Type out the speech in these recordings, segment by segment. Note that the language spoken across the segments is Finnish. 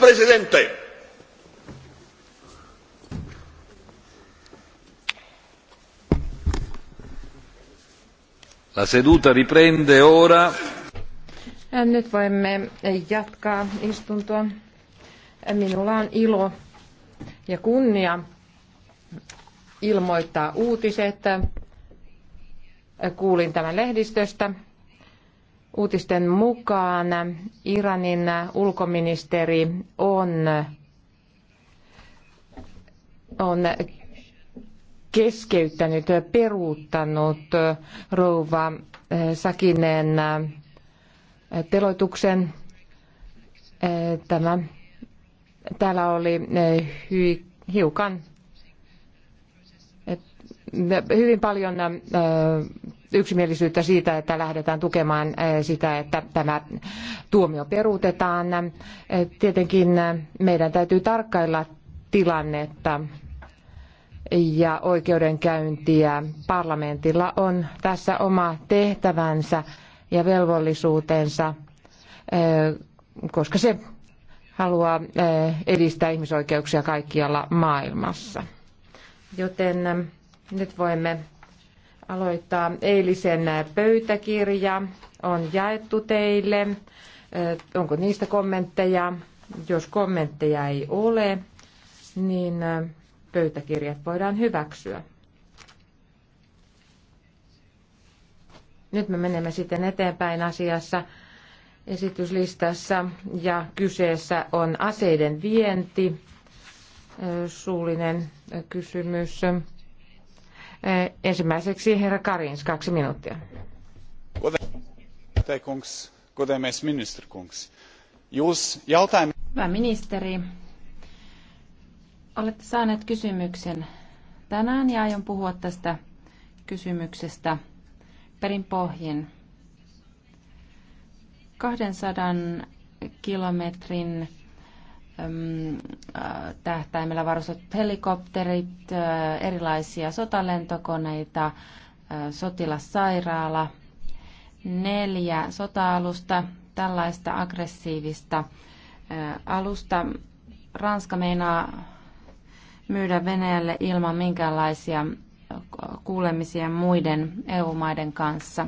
presidente. La seduta riprende ora. Nyt voimme jatkaa istuntoa. Minulla on ilo ja kunnia ilmoittaa uutiset. Kuulin tämän lehdistöstä. Uutisten mukaan Iranin ulkoministeri on, on keskeyttänyt ja peruuttanut rouva Sakinen teloituksen. Tämä, täällä oli hiukan hyvin paljon yksimielisyyttä siitä, että lähdetään tukemaan eh, sitä, että tämä tuomio peruutetaan. Eh, tietenkin eh, meidän täytyy tarkkailla tilannetta ja oikeudenkäyntiä. Parlamentilla on tässä oma tehtävänsä ja velvollisuutensa, koska se haluaa edistää ihmisoikeuksia kaikkialla maailmassa. Joten nyt voimme aloittaa. Eilisen pöytäkirja on jaettu teille. Onko niistä kommentteja? Jos kommentteja ei ole, niin pöytäkirjat voidaan hyväksyä. Nyt me menemme sitten eteenpäin asiassa esityslistassa ja kyseessä on aseiden vienti, suullinen kysymys. Eh, ensimmäiseksi herra Karins, kaksi minuuttia. Hyvä ministeri, olette saaneet kysymyksen tänään ja aion puhua tästä kysymyksestä perin pohjin. 200 kilometrin tähtäimellä varustetut helikopterit, erilaisia sotalentokoneita, sotilassairaala, neljä sota-alusta, tällaista aggressiivista alusta. Ranska meinaa myydä Venäjälle ilman minkäänlaisia kuulemisia muiden EU-maiden kanssa.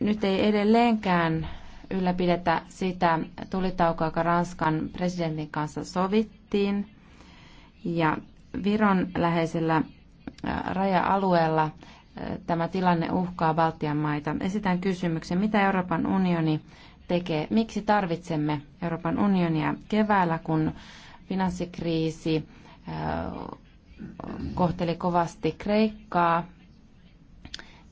Nyt ei edelleenkään ylläpidetä sitä tulitaukoa, joka Ranskan presidentin kanssa sovittiin. Ja Viron läheisellä raja-alueella tämä tilanne uhkaa Baltian maita. Esitän kysymyksen, mitä Euroopan unioni tekee? Miksi tarvitsemme Euroopan unionia keväällä, kun finanssikriisi kohteli kovasti Kreikkaa,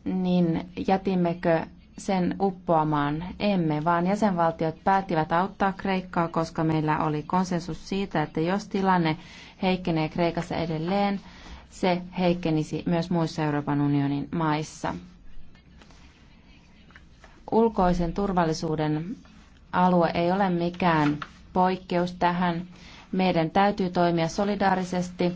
niin jätimmekö sen uppoamaan. Emme, vaan jäsenvaltiot päättivät auttaa Kreikkaa, koska meillä oli konsensus siitä, että jos tilanne heikkenee Kreikassa edelleen, se heikkenisi myös muissa Euroopan unionin maissa. Ulkoisen turvallisuuden alue ei ole mikään poikkeus tähän. Meidän täytyy toimia solidaarisesti,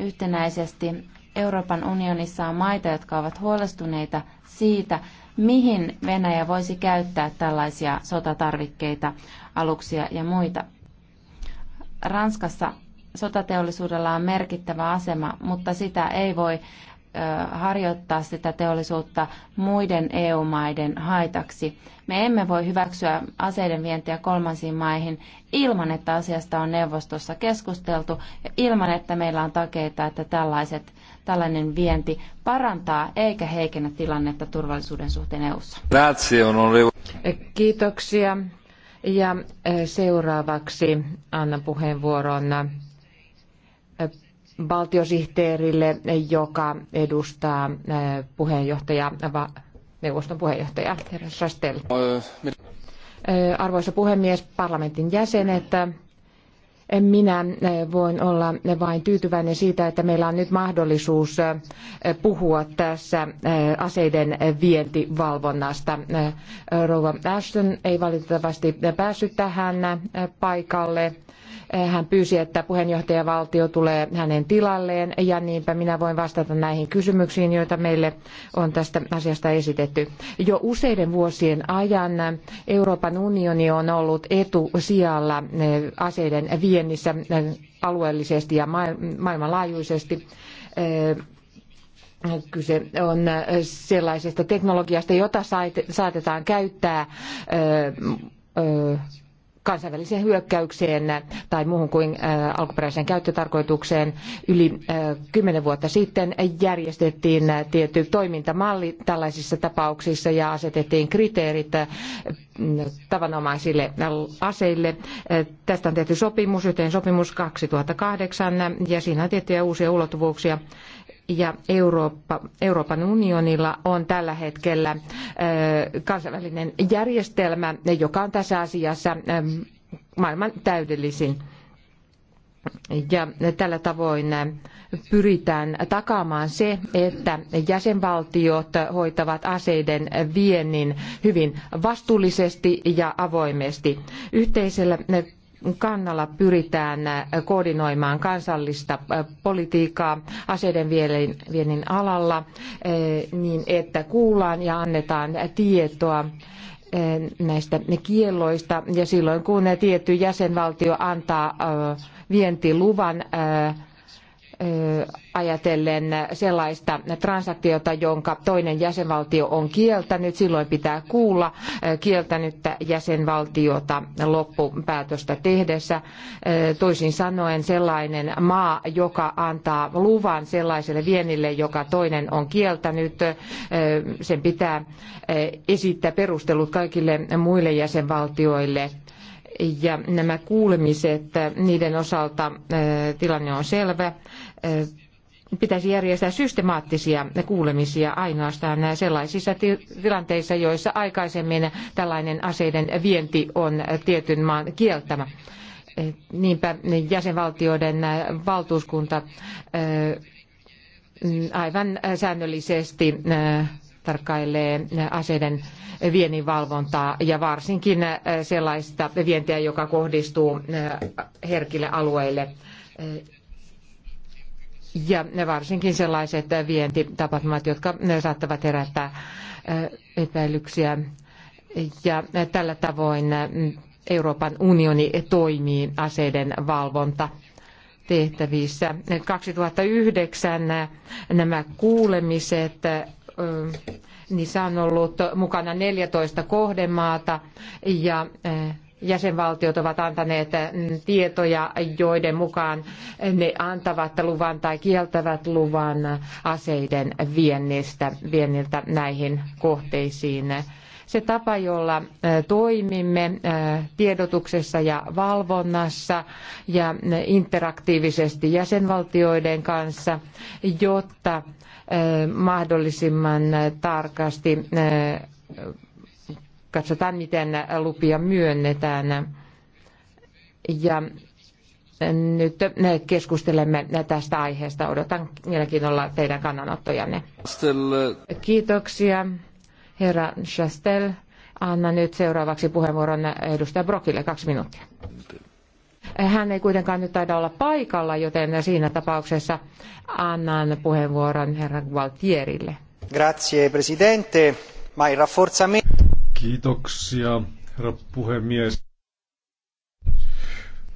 yhtenäisesti. Euroopan unionissa on maita, jotka ovat huolestuneita siitä, mihin Venäjä voisi käyttää tällaisia sotatarvikkeita, aluksia ja muita. Ranskassa sotateollisuudella on merkittävä asema, mutta sitä ei voi harjoittaa sitä teollisuutta muiden EU-maiden haitaksi. Me emme voi hyväksyä aseiden vientiä kolmansiin maihin ilman, että asiasta on neuvostossa keskusteltu ja ilman, että meillä on takeita, että tällaiset, tällainen vienti parantaa eikä heikennä tilannetta turvallisuuden suhteen EU:ssa. Kiitoksia. Ja seuraavaksi annan puheenvuoron valtiosihteerille, joka edustaa puheenjohtaja, neuvoston puheenjohtaja, herra Sastel. Arvoisa puhemies, parlamentin jäsenet, minä voin olla vain tyytyväinen siitä, että meillä on nyt mahdollisuus puhua tässä aseiden vientivalvonnasta. Rouva Ashton ei valitettavasti päässyt tähän paikalle hän pyysi, että puheenjohtajavaltio tulee hänen tilalleen ja niinpä minä voin vastata näihin kysymyksiin, joita meille on tästä asiasta esitetty. Jo useiden vuosien ajan Euroopan unioni on ollut etusijalla eh, aseiden viennissä eh, alueellisesti ja maailmanlaajuisesti eh, kyse on sellaisesta teknologiasta, jota saatetaan käyttää kansainväliseen hyökkäykseen tai muuhun kuin äh, alkuperäiseen käyttötarkoitukseen. Yli äh, kymmenen vuotta sitten järjestettiin äh, tietty toimintamalli tällaisissa tapauksissa ja asetettiin kriteerit tavanomaisille aseille. Tästä on tehty sopimus, yhteen sopimus 2008 ja siinä on tiettyjä uusia ulottuvuuksia ja Eurooppa, Euroopan unionilla on tällä hetkellä kansainvälinen järjestelmä, joka on tässä asiassa maailman täydellisin. Ja tällä tavoin pyritään takaamaan se, että jäsenvaltiot hoitavat aseiden viennin hyvin vastuullisesti ja avoimesti. Yhteisellä kannalla pyritään koordinoimaan kansallista politiikkaa aseiden viennin alalla niin, että kuullaan ja annetaan tietoa näistä kielloista ja silloin kun tietty jäsenvaltio antaa vientiluvan ajatellen sellaista transaktiota, jonka toinen jäsenvaltio on kieltänyt, silloin pitää kuulla kieltänyttä jäsenvaltiota loppupäätöstä tehdessä. Toisin sanoen sellainen maa, joka antaa luvan sellaiselle vienille, joka toinen on kieltänyt, sen pitää esittää perustelut kaikille muille jäsenvaltioille ja nämä kuulemiset, niiden osalta äh, tilanne on selvä. Äh, pitäisi järjestää systemaattisia kuulemisia ainoastaan sellaisissa tilanteissa, joissa aikaisemmin tällainen aseiden vienti on tietyn maan kieltämä. Äh, niinpä jäsenvaltioiden valtuuskunta aivan säännöllisesti tarkkailee aseiden viennin valvontaa ja varsinkin eh, sellaista vientiä, joka kohdistuu eh, herkille alueille. Eh, ja varsinkin sellaiset vientitapahtumat, jotka saattavat herättää epäilyksiä. Ja tällä tavoin Euroopan unioni toimii aseiden valvonta tehtävissä. 2009 nämä kuulemiset niissä on ollut mukana 14 kohdemaata ja jäsenvaltiot ovat antaneet tietoja, joiden mukaan ne antavat luvan tai kieltävät luvan aseiden viennistä, vienniltä näihin kohteisiin. Se tapa, jolla toimimme tiedotuksessa ja valvonnassa ja interaktiivisesti jäsenvaltioiden kanssa, jotta mahdollisimman tarkasti katsotaan, miten lupia myönnetään. Ja nyt keskustelemme tästä aiheesta. Odotan mielenkiinnolla teidän kannanottojanne. Kiitoksia, herra Chastel. Anna nyt seuraavaksi puheenvuoron edustaja Brokille kaksi minuuttia. Hän ei kuitenkaan nyt taida olla paikalla, joten siinä tapauksessa annan puheenvuoron herra Gualtierille. Grazie, presidente. Mai rafforzamento... Kiitoksia, herra puhemies.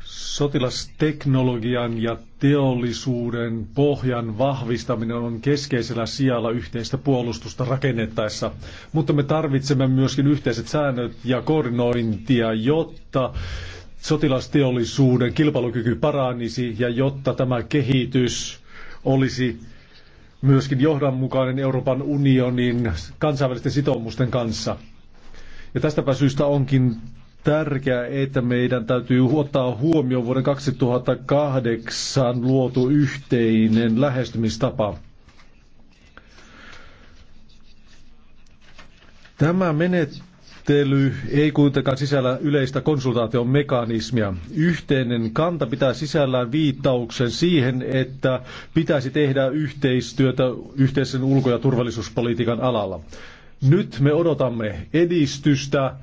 Sotilasteknologian ja teollisuuden pohjan vahvistaminen on keskeisellä sijalla yhteistä puolustusta rakennettaessa, mutta me tarvitsemme myöskin yhteiset säännöt ja koordinointia, jotta sotilasteollisuuden kilpailukyky paranisi ja jotta tämä kehitys olisi myöskin johdonmukainen Euroopan unionin kansainvälisten sitoumusten kanssa. Ja tästäpä syystä onkin tärkeää, että meidän täytyy ottaa huomioon vuoden 2008 luotu yhteinen lähestymistapa. Tämä menettely sääntely ei kuitenkaan sisällä yleistä konsultaation mekanismia. Yhteinen kanta pitää sisällään viittauksen siihen, että pitäisi tehdä yhteistyötä yhteisen ulko- ja turvallisuuspolitiikan alalla. Nyt me odotamme edistystä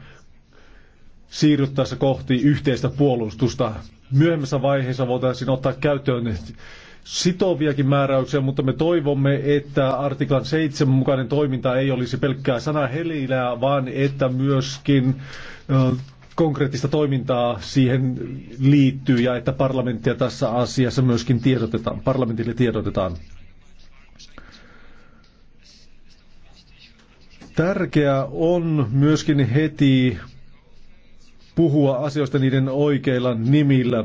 siirryttäessä kohti yhteistä puolustusta myöhemmässä vaiheessa voitaisiin ottaa käyttöön sitoviakin määräyksiä, mutta me toivomme, että artiklan 7 mukainen toiminta ei olisi pelkkää sanahelinää, vaan että myöskin konkreettista toimintaa siihen liittyy ja että parlamenttia tässä asiassa myöskin tiedotetaan, parlamentille tiedotetaan. Tärkeää on myöskin heti puhua asioista niiden oikeilla nimillä.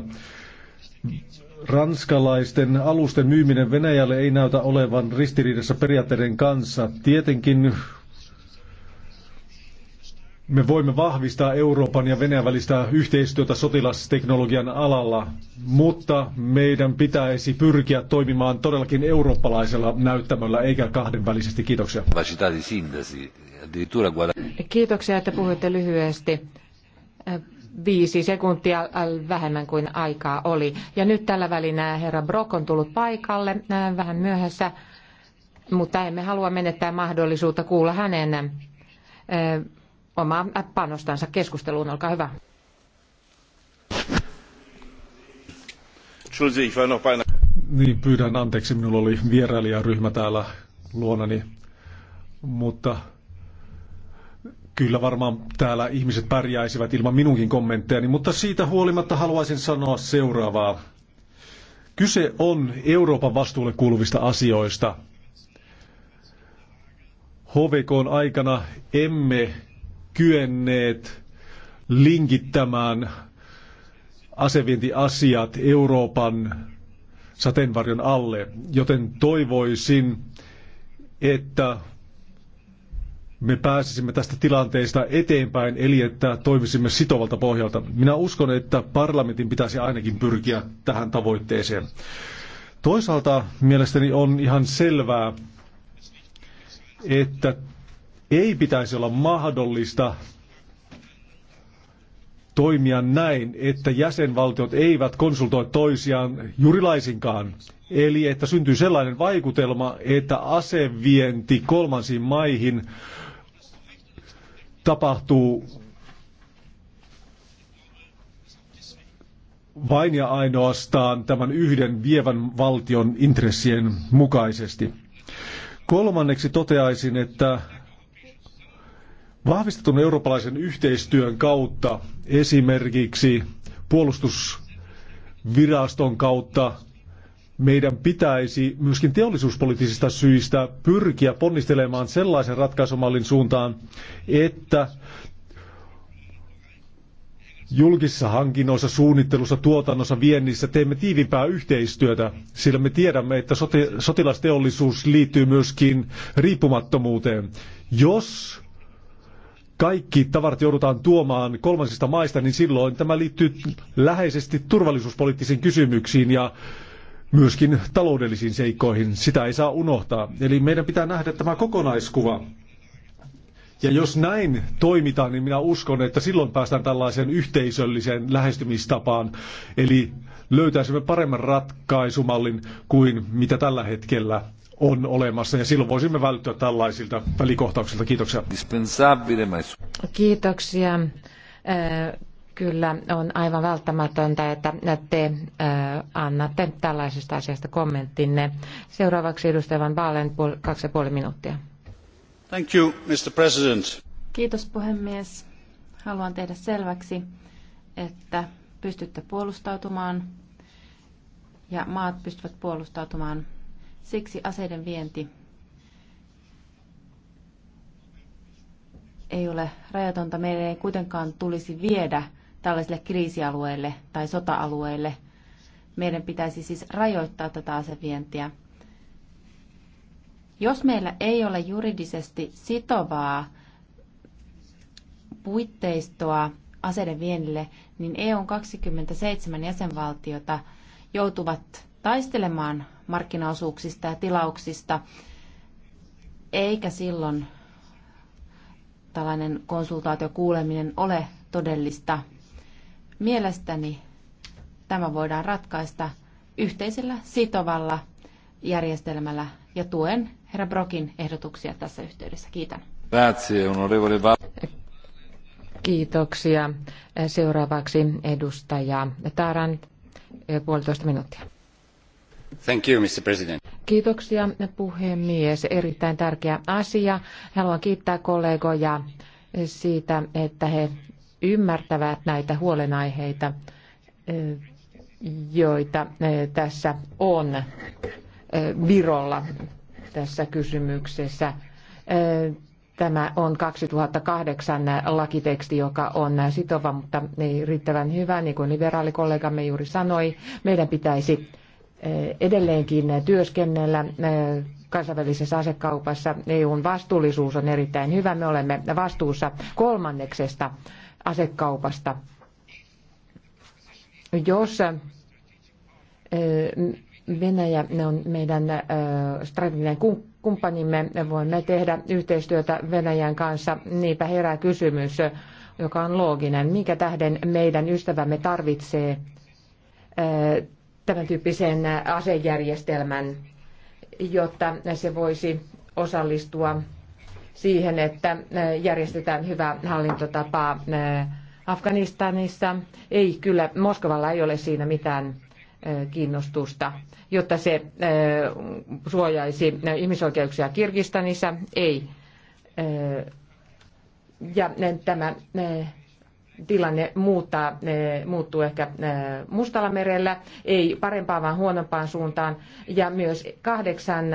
Ranskalaisten alusten myyminen Venäjälle ei näytä olevan ristiriidassa periaatteiden kanssa. Tietenkin me voimme vahvistaa Euroopan ja Venäjän välistä yhteistyötä sotilasteknologian alalla, mutta meidän pitäisi pyrkiä toimimaan todellakin eurooppalaisella näyttämöllä eikä kahdenvälisesti. Kiitoksia. Kiitoksia, että puhuitte lyhyesti viisi sekuntia äh, vähemmän kuin aikaa oli. Ja nyt tällä välinä äh, herra Brock on tullut paikalle äh, vähän myöhässä, mutta emme halua menettää mahdollisuutta kuulla hänen omaa panostansa keskusteluun. Olkaa hyvä. Niin, pyydän anteeksi, minulla oli vierailijaryhmä täällä luonani, mutta Kyllä varmaan täällä ihmiset pärjäisivät ilman minunkin kommenttejani, mutta siitä huolimatta haluaisin sanoa seuraavaa. Kyse on Euroopan vastuulle kuuluvista asioista. HVKn aikana emme kyenneet linkittämään asevientiasiat Euroopan sateenvarjon alle, joten toivoisin, että me pääsisimme tästä tilanteesta eteenpäin, eli että toimisimme sitovalta pohjalta. Minä uskon, että parlamentin pitäisi ainakin pyrkiä tähän tavoitteeseen. Toisaalta mielestäni on ihan selvää, että ei pitäisi olla mahdollista toimia näin, että jäsenvaltiot eivät konsultoi toisiaan jurilaisinkaan. Eli että syntyy sellainen vaikutelma, että asevienti kolmansiin maihin tapahtuu vain ja ainoastaan tämän yhden vievän valtion intressien mukaisesti. Kolmanneksi toteaisin, että vahvistetun eurooppalaisen yhteistyön kautta esimerkiksi puolustusviraston kautta meidän pitäisi myöskin teollisuuspoliittisista syistä pyrkiä ponnistelemaan sellaisen ratkaisumallin suuntaan, että julkisissa hankinnoissa, suunnittelussa, tuotannossa, viennissä teemme tiivimpää yhteistyötä, sillä me tiedämme, että soti- sotilasteollisuus liittyy myöskin riippumattomuuteen. Jos kaikki tavarat joudutaan tuomaan kolmansista maista, niin silloin tämä liittyy läheisesti turvallisuuspoliittisiin kysymyksiin ja myöskin taloudellisiin seikkoihin. Sitä ei saa unohtaa. Eli meidän pitää nähdä tämä kokonaiskuva. Ja jos näin toimitaan, niin minä uskon, että silloin päästään tällaiseen yhteisölliseen lähestymistapaan. Eli löytäisimme paremman ratkaisumallin kuin mitä tällä hetkellä on olemassa ja silloin voisimme välttyä tällaisilta välikohtauksilta. Kiitoksia. Kiitoksia. Kyllä, on aivan välttämätöntä, että te annatte tällaisesta asiasta kommenttinne. Seuraavaksi edustaja Van Baalen, kaksi ja puoli minuuttia. Thank you, Mr. President. Kiitos puhemies. Haluan tehdä selväksi, että pystytte puolustautumaan ja maat pystyvät puolustautumaan. Siksi aseiden vienti ei ole rajatonta. Meidän ei kuitenkaan tulisi viedä tällaisille kriisialueille tai sota-alueille. Meidän pitäisi siis rajoittaa tätä asevientiä. Jos meillä ei ole juridisesti sitovaa puitteistoa aseiden viennille, niin EUn 27 jäsenvaltiota joutuvat taistelemaan markkinaosuuksista ja tilauksista, eikä silloin tällainen konsultaatiokuuleminen ole todellista. Mielestäni tämä voidaan ratkaista yhteisellä sitovalla järjestelmällä ja tuen herra Brokin ehdotuksia tässä yhteydessä. Kiitän. Kiitoksia. Seuraavaksi edustaja Taran, puolitoista minuuttia. Thank you, Mr. President. Kiitoksia puhemies. Erittäin tärkeä asia. Haluan kiittää kollegoja siitä, että he ymmärtävät näitä huolenaiheita, joita tässä on Virolla tässä kysymyksessä. Tämä on 2008 lakiteksti, joka on sitova, mutta ei riittävän hyvä, niin kuin liberaalikollegamme juuri sanoi. Meidän pitäisi edelleenkin työskennellä kansainvälisessä asekaupassa. EUn vastuullisuus on erittäin hyvä. Me olemme vastuussa kolmanneksesta asekaupasta. Jos Venäjä on meidän strateginen kumppanimme, voimme tehdä yhteistyötä Venäjän kanssa. Niinpä herää kysymys, joka on looginen. Minkä tähden meidän ystävämme tarvitsee tämän tyyppisen asejärjestelmän, jotta se voisi osallistua siihen, että järjestetään hyvä hallintotapa Afganistanissa. Ei kyllä, Moskovalla ei ole siinä mitään kiinnostusta, jotta se suojaisi ihmisoikeuksia Kirgistanissa. Ei. Ja tämä tilanne muuttaa, muuttuu ehkä Mustalla merellä, ei parempaan vaan huonompaan suuntaan. Ja myös kahdeksan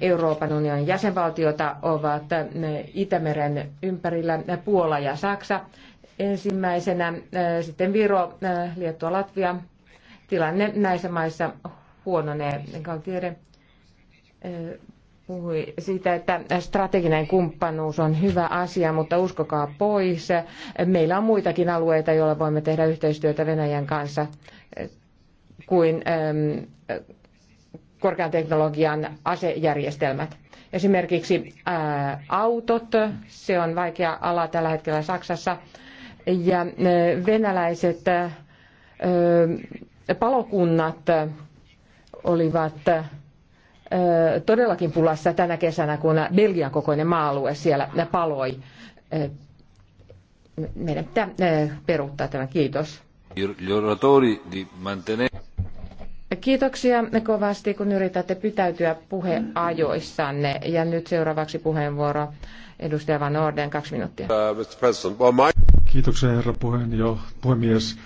Euroopan unionin jäsenvaltiota ovat eh, Itämeren ympärillä Puola ja Saksa ensimmäisenä, eh, sitten Viro, eh, Liettua, Latvia. Tilanne näissä maissa huononee. Galtieri puhui siitä, että strateginen kumppanuus on hyvä asia, mutta uskokaa pois. Meillä on muitakin alueita, joilla voimme tehdä yhteistyötä Venäjän kanssa kuin korkean teknologian asejärjestelmät. Esimerkiksi autot, se on vaikea ala tällä hetkellä Saksassa, ja venäläiset palokunnat olivat todellakin pulassa tänä kesänä, kun Belgian kokoinen maa-alue siellä paloi. Meidän pitää peruuttaa tämän. Kiitos. Kiitoksia kovasti, kun yritätte pitäytyä puheajoissanne. Ja nyt seuraavaksi puheenvuoro edustaja Van Orden, kaksi minuuttia. Uh, Kiitoksia herra puhemies.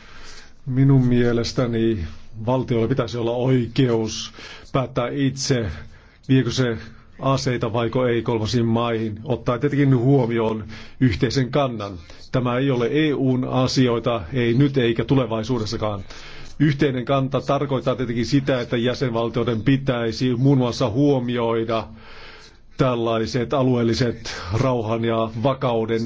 Minun mielestäni valtiolla pitäisi olla oikeus päättää itse, viekö se aseita vaiko ei kolmasiin maihin, ottaa tietenkin huomioon yhteisen kannan. Tämä ei ole EUn asioita, ei nyt eikä tulevaisuudessakaan. Yhteinen kanta tarkoittaa tietenkin sitä, että jäsenvaltioiden pitäisi muun muassa huomioida tällaiset alueelliset rauhan ja vakauden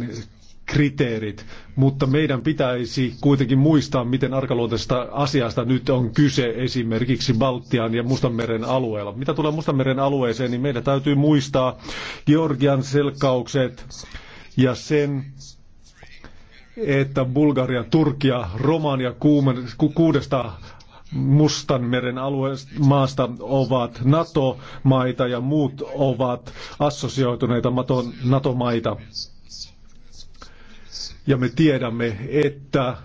kriteerit, mutta meidän pitäisi kuitenkin muistaa, miten arkaluonteisesta asiasta nyt on kyse esimerkiksi Baltian ja Mustanmeren alueella. Mitä tulee Mustanmeren alueeseen, niin meidän täytyy muistaa Georgian selkkaukset ja sen että Bulgaria, Turkia, Romania kuudesta Mustanmeren alueesta maasta ovat NATO-maita ja muut ovat assosioituneita NATO-maita. Ja me tiedämme, että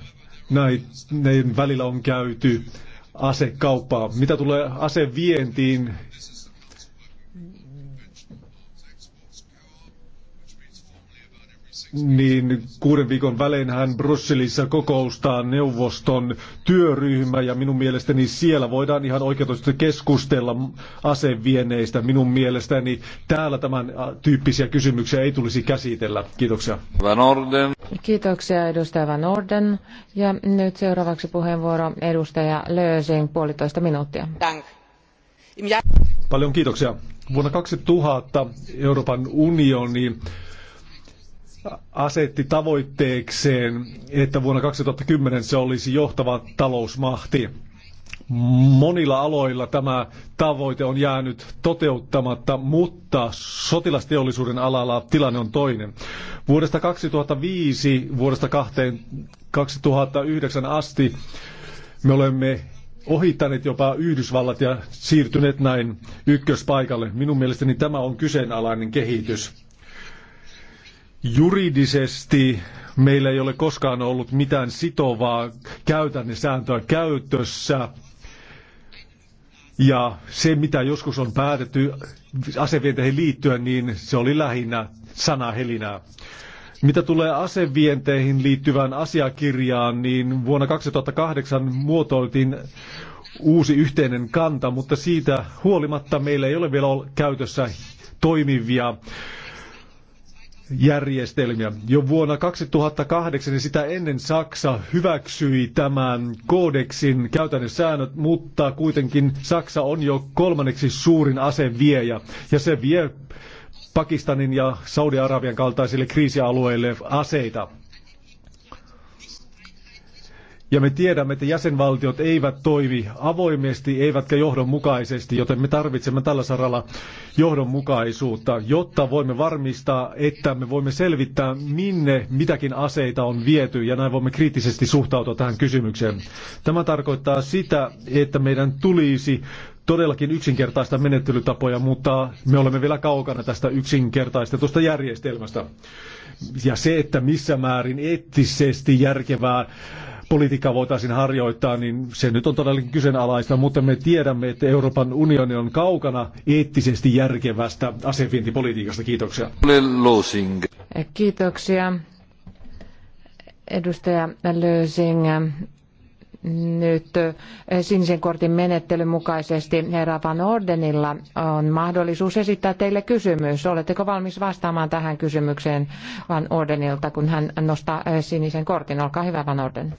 näiden välillä on käyty asekauppaa. Mitä tulee asevientiin, niin kuuden viikon välein hän Brysselissä kokoustaa neuvoston työryhmä ja minun mielestäni siellä voidaan ihan oikeutusti keskustella asevieneistä. Minun mielestäni täällä tämän tyyppisiä kysymyksiä ei tulisi käsitellä. Kiitoksia. Van Orden. Kiitoksia edustaja Van Orden. Ja nyt seuraavaksi puheenvuoro edustaja Löösin puolitoista minuuttia. Dank. Paljon kiitoksia. Vuonna 2000 Euroopan unioni asetti tavoitteekseen, että vuonna 2010 se olisi johtava talousmahti. Monilla aloilla tämä tavoite on jäänyt toteuttamatta, mutta sotilasteollisuuden alalla tilanne on toinen. Vuodesta 2005 vuodesta 2009 asti me olemme ohittaneet jopa Yhdysvallat ja siirtyneet näin ykköspaikalle. Minun mielestäni tämä on kyseenalainen kehitys. Juridisesti meillä ei ole koskaan ollut mitään sitovaa käytännesääntöä käytössä. Ja se, mitä joskus on päätetty asevienteihin liittyen, niin se oli lähinnä sanahelinää. Mitä tulee asevienteihin liittyvään asiakirjaan, niin vuonna 2008 muotoiltiin uusi yhteinen kanta, mutta siitä huolimatta meillä ei ole vielä käytössä toimivia järjestelmiä. Jo vuonna 2008 ja niin sitä ennen Saksa hyväksyi tämän koodeksin käytännön säännöt, mutta kuitenkin Saksa on jo kolmanneksi suurin aseviejä ja se vie Pakistanin ja Saudi-Arabian kaltaisille kriisialueille aseita. Ja me tiedämme, että jäsenvaltiot eivät toimi avoimesti eivätkä johdonmukaisesti, joten me tarvitsemme tällä saralla johdonmukaisuutta, jotta voimme varmistaa, että me voimme selvittää, minne mitäkin aseita on viety, ja näin voimme kriittisesti suhtautua tähän kysymykseen. Tämä tarkoittaa sitä, että meidän tulisi todellakin yksinkertaista menettelytapoja, mutta me olemme vielä kaukana tästä yksinkertaistetusta järjestelmästä. Ja se, että missä määrin eettisesti järkevää politiikkaa voitaisiin harjoittaa, niin se nyt on todellakin kyseenalaista, mutta me tiedämme, että Euroopan unioni on kaukana eettisesti järkevästä asevientipolitiikasta. Kiitoksia. Kiitoksia. Edustaja Lösing, nyt eh, sinisen kortin menettelyn mukaisesti herra Van Ordenilla on mahdollisuus esittää teille kysymys. Oletteko valmis vastaamaan tähän kysymykseen Van Ordenilta, kun hän nostaa eh, sinisen kortin? Olkaa hyvä, Van Orden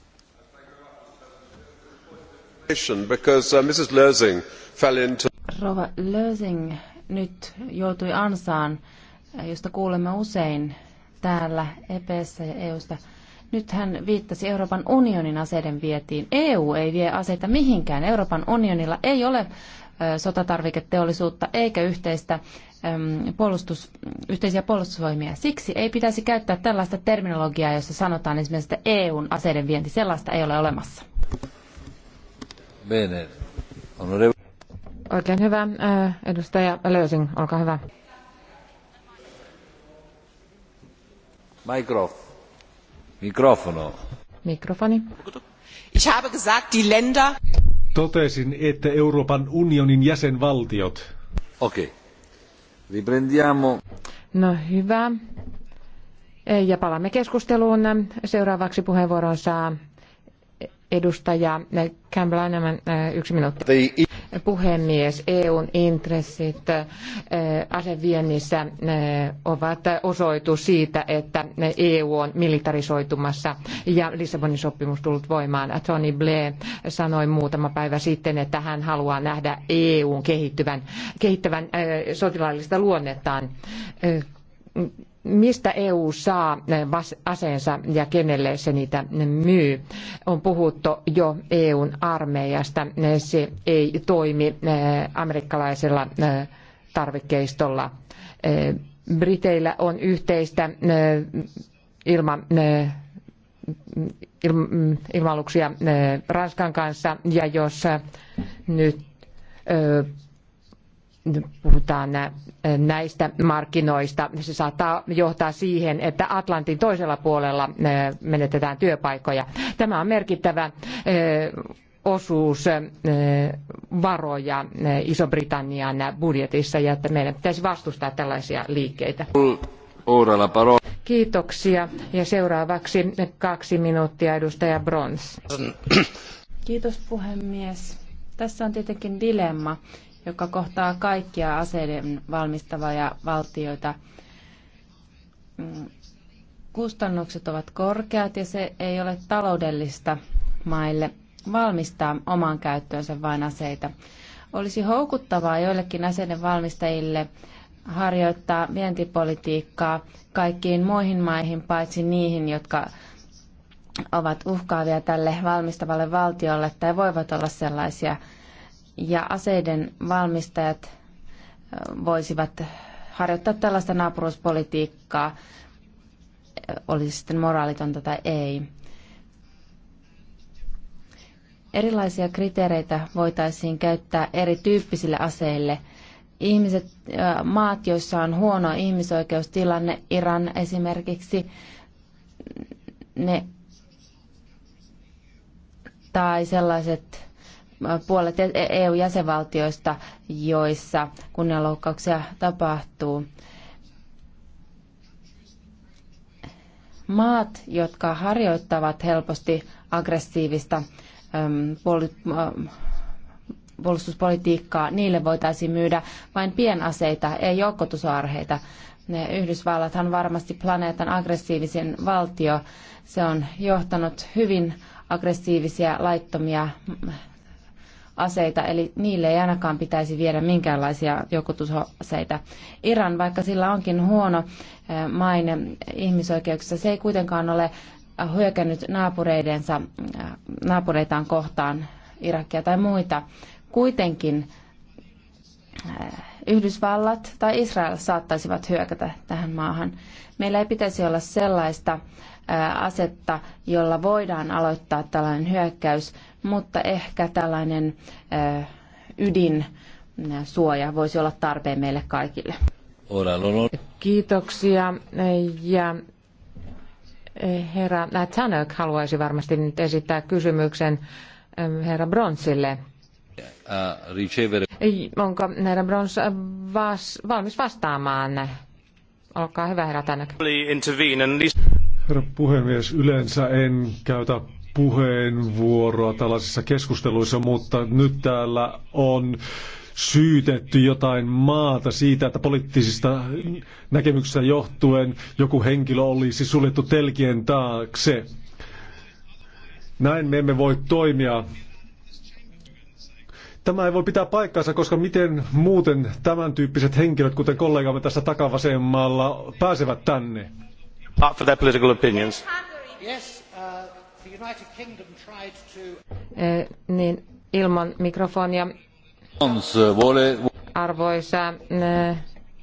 because uh, Mrs. fell into... Rova Lösing nyt joutui ansaan, äh, josta kuulemme usein täällä EPssä ja EUsta. Nyt hän viittasi Euroopan unionin aseiden vietiin. EU ei vie aseita mihinkään. Euroopan unionilla ei ole äh, sotatarviketeollisuutta eikä yhteistä puolustus, yhteisiä puolustusvoimia. Siksi ei pitäisi käyttää tällaista terminologiaa, jossa sanotaan esimerkiksi, että EUn aseiden vienti, sellaista ei ole olemassa. Bene. Onorevole. Oikein hyvä. Äh, edustaja Löysin, olkaa hyvä. Mikrof. Mikrofono. Mikrofoni. Ich habe gesagt, die Länder. Totesin, että Euroopan unionin jäsenvaltiot. Okei. Okay. Riprendiamo. No hyvä. Ja palaamme keskusteluun. Seuraavaksi puheenvuoron saa Edustaja Campbell, enemmän yksi minuutti. Puhemies, EUn intressit aseviennissä ovat osoitus siitä, että EU on militarisoitumassa ja Lissabonin sopimus tullut voimaan. Tony Blair sanoi muutama päivä sitten, että hän haluaa nähdä EUn kehittyvän, kehittävän sotilaallista luonnettaan mistä EU saa eh, aseensa ja kenelle se niitä myy. On puhuttu jo EUn armeijasta. Se ei toimi eh, amerikkalaisella eh, tarvikkeistolla. Briteillä on yhteistä ilma ilma aluksia Ranskan kanssa ja jos nyt puhutaan näistä markkinoista, se saattaa johtaa siihen, että Atlantin toisella puolella menetetään työpaikkoja. Tämä on merkittävä osuus varoja Iso-Britannian budjetissa ja että meidän pitäisi vastustaa tällaisia liikkeitä. Kiitoksia ja seuraavaksi kaksi minuuttia edustaja Brons. Kiitos puhemies. Tässä on tietenkin dilemma joka kohtaa kaikkia aseiden valmistavia valtioita. Mm, kustannukset ovat korkeat ja se ei ole taloudellista maille valmistaa omaan käyttöönsä vain aseita. Olisi houkuttavaa joillekin aseiden valmistajille harjoittaa vientipolitiikkaa kaikkiin muihin maihin paitsi niihin, jotka ovat uhkaavia tälle valmistavalle valtiolle tai voivat olla sellaisia – ja aseiden valmistajat voisivat harjoittaa tällaista naapuruuspolitiikkaa, olisi sitten moraalitonta tai ei. Erilaisia kriteereitä voitaisiin käyttää erityyppisille aseille. Ihmiset, maat, joissa on huono ihmisoikeustilanne, Iran esimerkiksi, ne, tai sellaiset puolet EU-jäsenvaltioista, e joissa kunnianloukkauksia tapahtuu. Maat, jotka harjoittavat helposti aggressiivista puolustuspolitiikkaa, niille voitaisiin myydä vain pienaseita, ei joukkotusarheita. Yhdysvallathan varmasti planeetan aggressiivisin valtio. Se on johtanut hyvin aggressiivisia laittomia aseita, eli niille ei ainakaan pitäisi viedä minkäänlaisia joukotusaseita. Iran, vaikka sillä onkin huono eh, maine ihmisoikeuksissa, se ei kuitenkaan ole hyökännyt naapureidensa, eh, naapureitaan kohtaan, Irakia tai muita. Kuitenkin eh, Yhdysvallat tai Israel saattaisivat hyökätä tähän maahan. Meillä ei pitäisi olla sellaista asetta, jolla voidaan aloittaa tällainen hyökkäys, mutta ehkä tällainen ydinsuoja voisi olla tarpeen meille kaikille. No, no. Kiitoksia. Ja eh, herra Tanök haluaisi varmasti nyt esittää kysymyksen eh, herra Bronsille. Onko herra Brons vas, valmis vastaamaan? Olkaa hyvä, herra Tänäk. Herra puhemies, yleensä en käytä puheenvuoroa tällaisissa keskusteluissa, mutta nyt täällä on syytetty jotain maata siitä, että poliittisista näkemyksistä johtuen joku henkilö olisi suljettu telkien taakse. Näin me emme voi toimia. Tämä ei voi pitää paikkaansa, koska miten muuten tämän tyyppiset henkilöt, kuten kollegamme tässä takavasemmalla, pääsevät tänne? Uh, eh, niin, ilman mikrofonia. Eh, Arvoisa eh,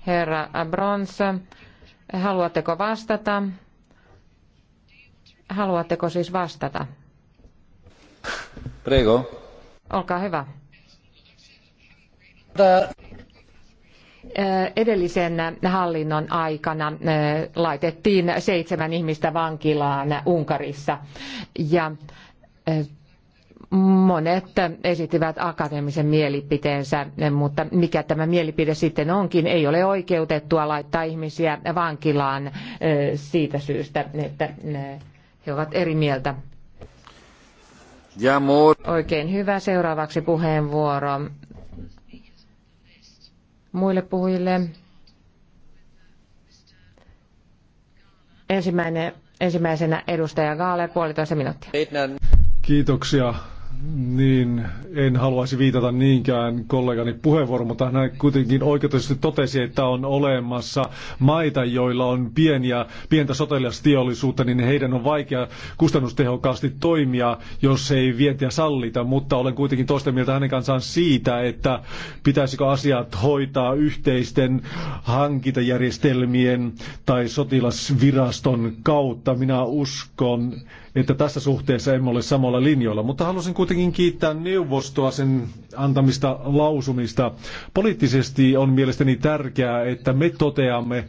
herra Brons, haluatteko vastata? Haluatteko siis vastata? Prego. Olkaa hyvä. Edellisen hallinnon aikana laitettiin seitsemän ihmistä vankilaan Unkarissa ja monet esittivät akateemisen mielipiteensä, mutta mikä tämä mielipide sitten onkin, ei ole oikeutettua laittaa ihmisiä vankilaan siitä syystä, että he ovat eri mieltä. Oikein hyvä. Seuraavaksi puheenvuoro muille puhujille. Ensimmäinen, ensimmäisenä edustaja Gaale, puolitoista minuuttia. Kiitoksia niin en haluaisi viitata niinkään kollegani puheenvuoroon, mutta hän kuitenkin oikeutusti totesi, että on olemassa maita, joilla on pieniä, pientä sotilasteollisuutta, niin heidän on vaikea kustannustehokkaasti toimia, jos ei vientiä sallita. Mutta olen kuitenkin toista mieltä hänen kanssaan siitä, että pitäisikö asiat hoitaa yhteisten hankintajärjestelmien tai sotilasviraston kautta. Minä uskon, että tässä suhteessa emme ole samalla linjoilla. Mutta halusin kuitenkin kiittää neuvostoa sen antamista lausumista. Poliittisesti on mielestäni tärkeää, että me toteamme,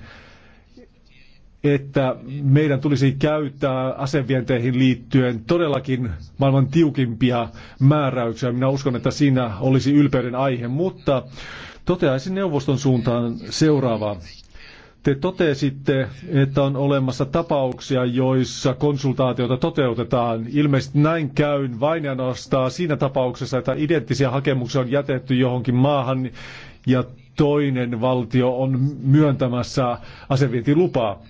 että meidän tulisi käyttää asevienteihin liittyen todellakin maailman tiukimpia määräyksiä. Minä uskon, että siinä olisi ylpeyden aihe, mutta toteaisin neuvoston suuntaan seuraavaa. Te totesitte, että on olemassa tapauksia, joissa konsultaatiota toteutetaan. Ilmeisesti näin käyn vain ja nostaa siinä tapauksessa, että identtisiä hakemuksia on jätetty johonkin maahan ja toinen valtio on myöntämässä asevientilupaa.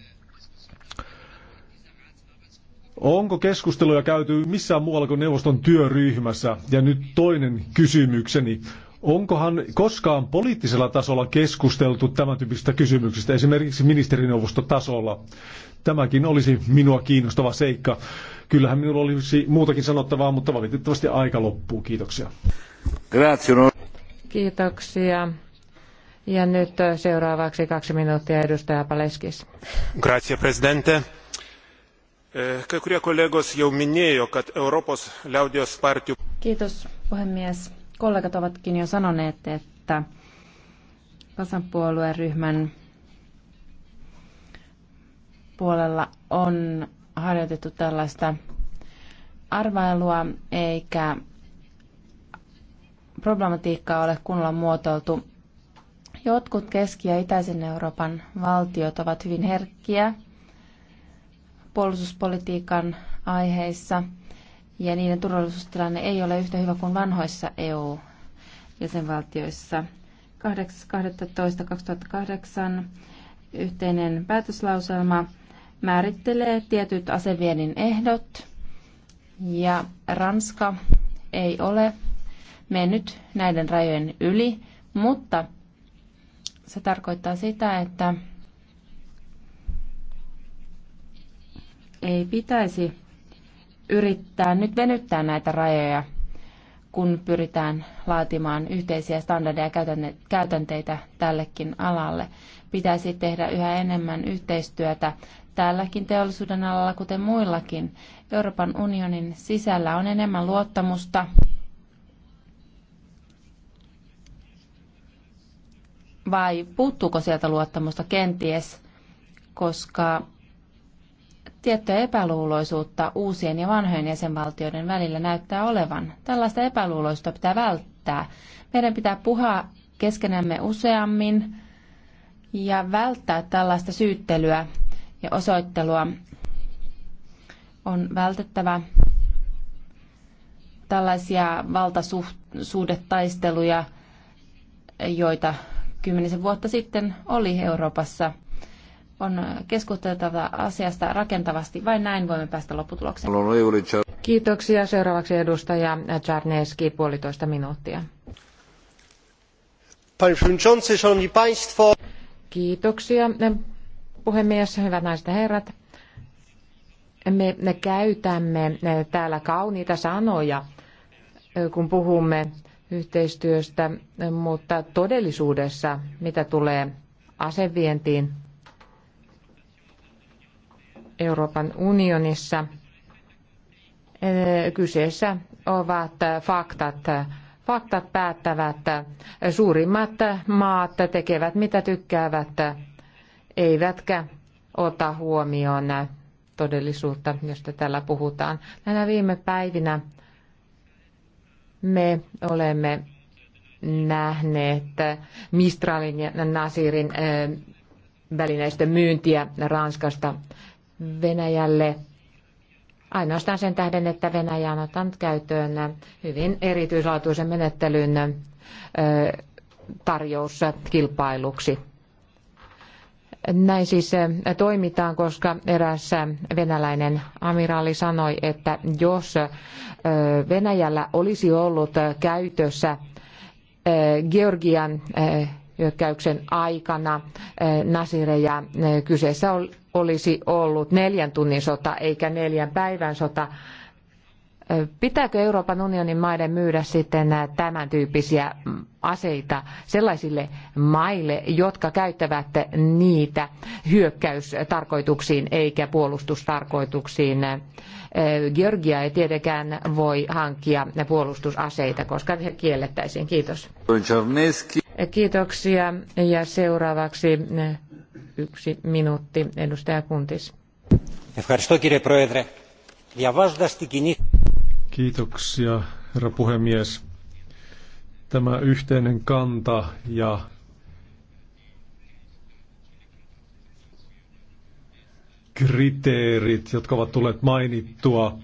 Onko keskusteluja käyty missään muualla kuin neuvoston työryhmässä? Ja nyt toinen kysymykseni. Onkohan koskaan poliittisella tasolla keskusteltu tämän tyyppisistä kysymyksistä, esimerkiksi ministerineuvostotasolla? Tämäkin olisi minua kiinnostava seikka. Kyllähän minulla olisi muutakin sanottavaa, mutta valitettavasti aika loppuu. Kiitoksia. No- Kiitoksia. Ja nyt seuraavaksi kaksi minuuttia edustaja Paleskis. Grazie, presidente. Eh, kai kurie kollegos jau minėjo, kad Europos partijų... Kiitos, puhemies kollegat ovatkin jo sanoneet, että kansanpuolueryhmän puolella on harjoitettu tällaista arvailua eikä problematiikkaa ole kunnolla muotoiltu. Jotkut Keski- ja Itäisen Euroopan valtiot ovat hyvin herkkiä puolustuspolitiikan aiheissa – ja niiden turvallisuustilanne ei ole yhtä hyvä kuin vanhoissa EU-jäsenvaltioissa. 8.12.2008 yhteinen päätöslauselma määrittelee tietyt aseviennin ehdot ja Ranska ei ole mennyt näiden rajojen yli, mutta se tarkoittaa sitä, että ei pitäisi yrittää nyt venyttää näitä rajoja, kun pyritään laatimaan yhteisiä standardeja ja käytänteitä tällekin alalle. Pitäisi tehdä yhä enemmän yhteistyötä tälläkin teollisuuden alalla, kuten muillakin. Euroopan unionin sisällä on enemmän luottamusta vai puuttuuko sieltä luottamusta kenties, koska Tiettyä epäluuloisuutta uusien ja vanhojen jäsenvaltioiden välillä näyttää olevan. Tällaista epäluuloista pitää välttää. Meidän pitää puhua keskenämme useammin ja välttää tällaista syyttelyä ja osoittelua. On vältettävä tällaisia valtasuhdetaisteluja, joita kymmenisen vuotta sitten oli Euroopassa – on keskusteltava asiasta rakentavasti. Vain näin voimme päästä lopputulokseen. Kiitoksia. Seuraavaksi edustaja Czarneski, puolitoista minuuttia. Kiitoksia, puhemies, hyvät naiset ja herrat. Me käytämme täällä kauniita sanoja, kun puhumme yhteistyöstä, mutta todellisuudessa, mitä tulee asevientiin, Euroopan unionissa. E, kyseessä ovat faktat. Faktat päättävät. Suurimmat maat tekevät mitä tykkäävät, eivätkä ota huomioon todellisuutta, josta täällä puhutaan. Näinä viime päivinä me olemme nähneet Mistralin ja Nasirin e, välineistön myyntiä Ranskasta Venäjälle ainoastaan sen tähden, että Venäjä on ottanut käyttöön hyvin erityislaatuisen menettelyn tarjouskilpailuksi. Näin siis toimitaan, koska eräs venäläinen amiraali sanoi, että jos Venäjällä olisi ollut käytössä Georgian hyökkäyksen aikana nasireja, kyseessä olisi ollut neljän tunnin sota eikä neljän päivän sota. Pitääkö Euroopan unionin maiden myydä sitten tämän tyyppisiä aseita sellaisille maille, jotka käyttävät niitä hyökkäystarkoituksiin eikä puolustustarkoituksiin? Georgia ei tietenkään voi hankkia puolustusaseita, koska he kiellettäisiin. Kiitos. Kiitoksia. Ja seuraavaksi yksi minuutti. Edustaja Kuntis. Kiitoksia, herra puhemies. Tämä yhteinen kanta ja kriteerit, jotka ovat tulleet mainittua,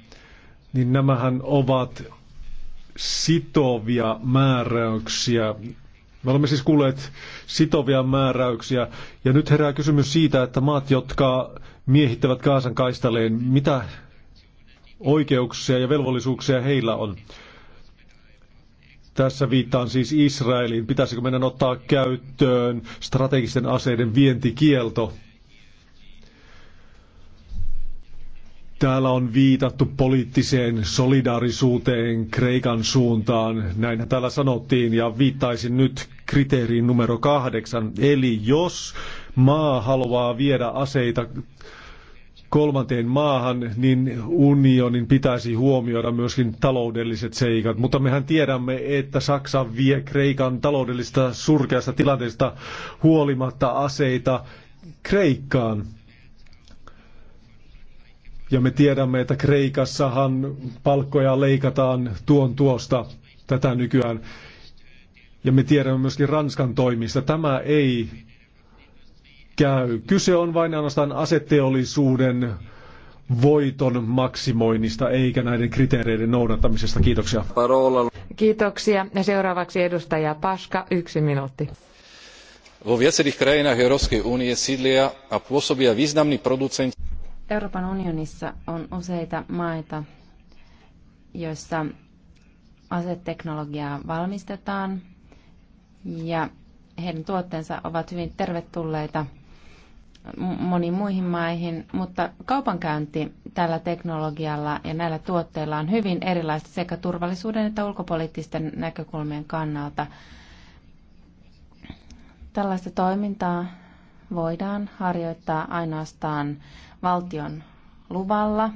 niin nämähän ovat sitovia määräyksiä me olemme siis kuulleet sitovia määräyksiä. Ja nyt herää kysymys siitä, että maat, jotka miehittävät Kaasan kaistaleen, mitä oikeuksia ja velvollisuuksia heillä on? Tässä viittaan siis Israeliin. Pitäisikö meidän ottaa käyttöön strategisten aseiden vientikielto? Täällä on viitattu poliittiseen solidaarisuuteen Kreikan suuntaan, näinhän täällä sanottiin, ja viittaisin nyt kriteeriin numero kahdeksan. Eli jos maa haluaa viedä aseita kolmanteen maahan, niin unionin pitäisi huomioida myöskin taloudelliset seikat. Mutta mehän tiedämme, että Saksa vie Kreikan taloudellisesta surkeasta tilanteesta huolimatta aseita Kreikkaan. Ja me tiedämme, että Kreikassahan palkkoja leikataan tuon tuosta tätä nykyään. Ja me tiedämme myöskin Ranskan toimista. Tämä ei käy. Kyse on vain ainoastaan aseteollisuuden voiton maksimoinnista eikä näiden kriteereiden noudattamisesta. Kiitoksia. Kiitoksia. Ja seuraavaksi edustaja Paska, yksi minuutti. Vo viacerých krajinách Európskej únie sídlia a pôsobia významní producenti Euroopan unionissa on useita maita, joissa aseteknologiaa valmistetaan ja heidän tuotteensa ovat hyvin tervetulleita moniin muihin maihin, mutta kaupankäynti tällä teknologialla ja näillä tuotteilla on hyvin erilaista sekä turvallisuuden että ulkopoliittisten näkökulmien kannalta. Tällaista toimintaa voidaan harjoittaa ainoastaan valtion luvalla.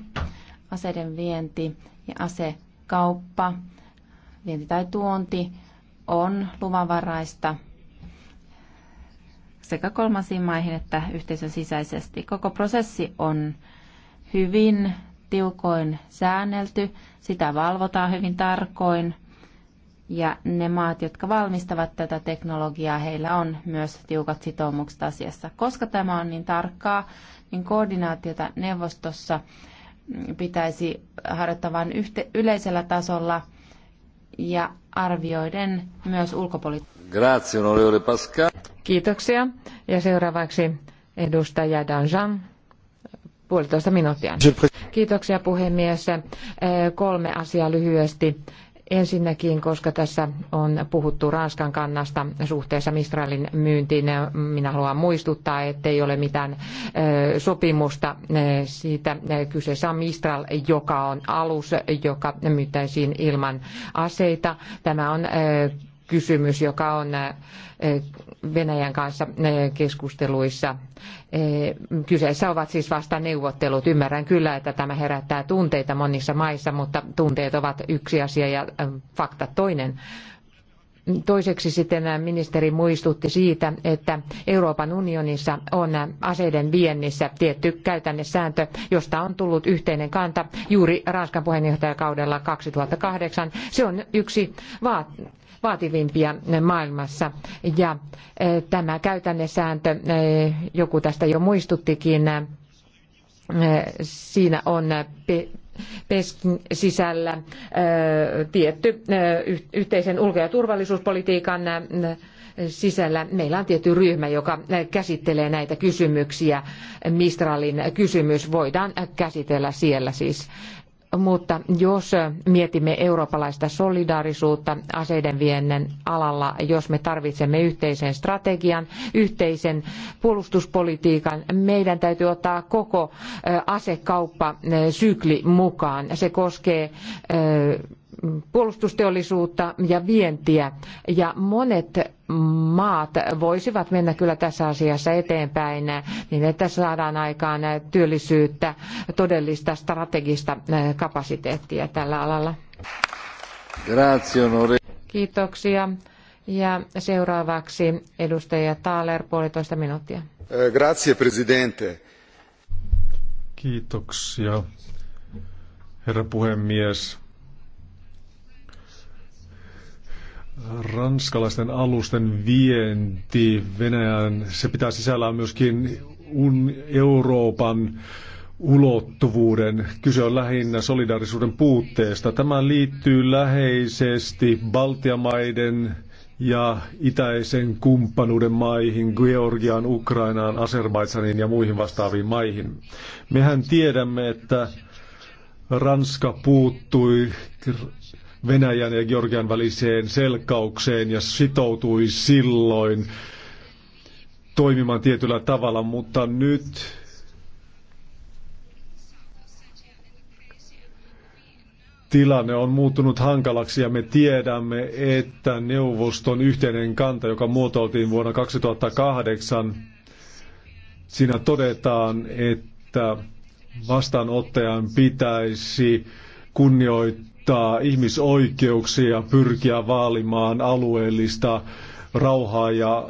Aseiden vienti ja asekauppa, vienti tai tuonti on luvanvaraista sekä kolmansiin maihin että yhteisön sisäisesti. Koko prosessi on hyvin tiukoin säännelty, sitä valvotaan hyvin tarkoin – ja ne maat, jotka valmistavat tätä teknologiaa, heillä on myös tiukat sitoumukset asiassa. Koska tämä on niin tarkkaa, niin koordinaatiota neuvostossa mm, pitäisi harjoittaa vain yhte- yleisellä tasolla ja arvioiden myös ulkopolitiikkaa. Kiitoksia. Ja seuraavaksi edustaja Danjan puolitoista minuuttia. Kiitoksia puhemies. Kolme asiaa lyhyesti. Ensinnäkin, koska tässä on puhuttu Ranskan kannasta suhteessa Mistralin myyntiin, minä haluan muistuttaa, ettei ole mitään sopimusta siitä. Kyseessä on Mistral, joka on alus, joka myytäisiin ilman aseita. Tämä on kysymys, joka on Venäjän kanssa keskusteluissa. Kyseessä ovat siis vasta neuvottelut. Ymmärrän kyllä, että tämä herättää tunteita monissa maissa, mutta tunteet ovat yksi asia ja fakta toinen. Toiseksi sitten ministeri muistutti siitä, että Euroopan unionissa on aseiden viennissä tietty käytännessääntö, josta on tullut yhteinen kanta juuri Ranskan puheenjohtajakaudella 2008. Se on yksi vaativimpia maailmassa. Ja e, tämä käytännesääntö, e, joku tästä jo muistuttikin, e, siinä on PESKin sisällä tietty yhteisen ulko- ja turvallisuuspolitiikan sisällä. Meillä on tietty ryhmä, joka käsittelee näitä kysymyksiä. Mistralin kysymys voidaan käsitellä siellä siis. Mutta jos mietimme eurooppalaista solidaarisuutta aseiden viennin alalla, jos me tarvitsemme yhteisen strategian, yhteisen puolustuspolitiikan, meidän täytyy ottaa koko asekauppa sykli mukaan. Se koskee puolustusteollisuutta ja vientiä. Ja monet maat voisivat mennä kyllä tässä asiassa eteenpäin, niin että saadaan aikaan työllisyyttä, todellista strategista kapasiteettia tällä alalla. Kiitoksia. Ja seuraavaksi edustaja Thaler, puolitoista minuuttia. Eh, grazie, presidente. Kiitoksia, herra puhemies. ranskalaisten alusten vienti Venäjään, se pitää sisällään myöskin un Euroopan ulottuvuuden. Kyse on lähinnä solidaarisuuden puutteesta. Tämä liittyy läheisesti Baltiamaiden ja itäisen kumppanuuden maihin, Georgiaan, Ukrainaan, Azerbaidsaniin ja muihin vastaaviin maihin. Mehän tiedämme, että Ranska puuttui Venäjän ja Georgian väliseen selkkaukseen ja sitoutui silloin toimimaan tietyllä tavalla, mutta nyt tilanne on muuttunut hankalaksi ja me tiedämme, että neuvoston yhteinen kanta, joka muotoiltiin vuonna 2008, siinä todetaan, että vastaanottajan pitäisi kunnioittaa kunnioittaa ihmisoikeuksia, pyrkiä vaalimaan alueellista rauhaa ja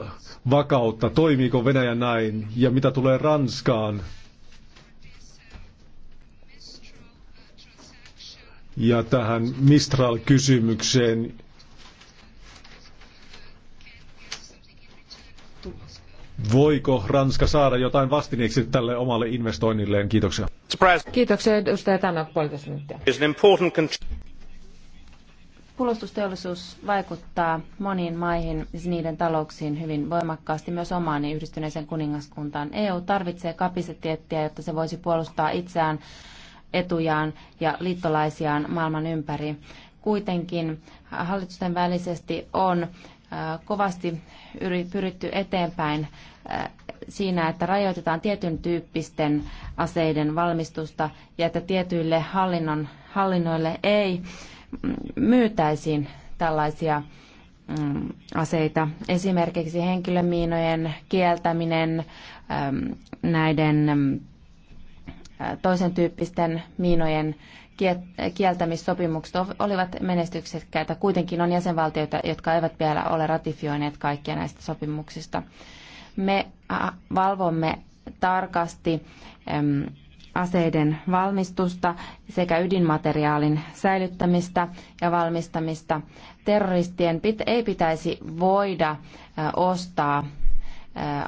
vakautta. Toimiiko Venäjä näin? Ja mitä tulee Ranskaan? Ja tähän Mistral-kysymykseen. Voiko Ranska saada jotain vastineeksi tälle omalle investoinnilleen? Kiitoksia. Kiitoksia edustaja Tannak, puolitoista minuuttia. Puolustusteollisuus vaikuttaa moniin maihin ja niiden talouksiin hyvin voimakkaasti, myös omaani yhdistyneeseen kuningaskuntaan. EU tarvitsee kapasiteettia, jotta se voisi puolustaa itseään, etujaan ja liittolaisiaan maailman ympäri. Kuitenkin hallitusten välisesti on äh, kovasti pyritty eteenpäin äh, siinä, että rajoitetaan tietyn tyyppisten aseiden valmistusta ja että tietyille hallinnon, hallinnoille ei myytäisiin tällaisia mm, aseita. Esimerkiksi henkilömiinojen kieltäminen, näiden toisen tyyppisten miinojen kieltämissopimukset olivat menestyksekkäitä. Kuitenkin on jäsenvaltioita, jotka eivät vielä ole ratifioineet kaikkia näistä sopimuksista. Me valvomme tarkasti aseiden valmistusta sekä ydinmateriaalin säilyttämistä ja valmistamista. Terroristien ei pitäisi voida ostaa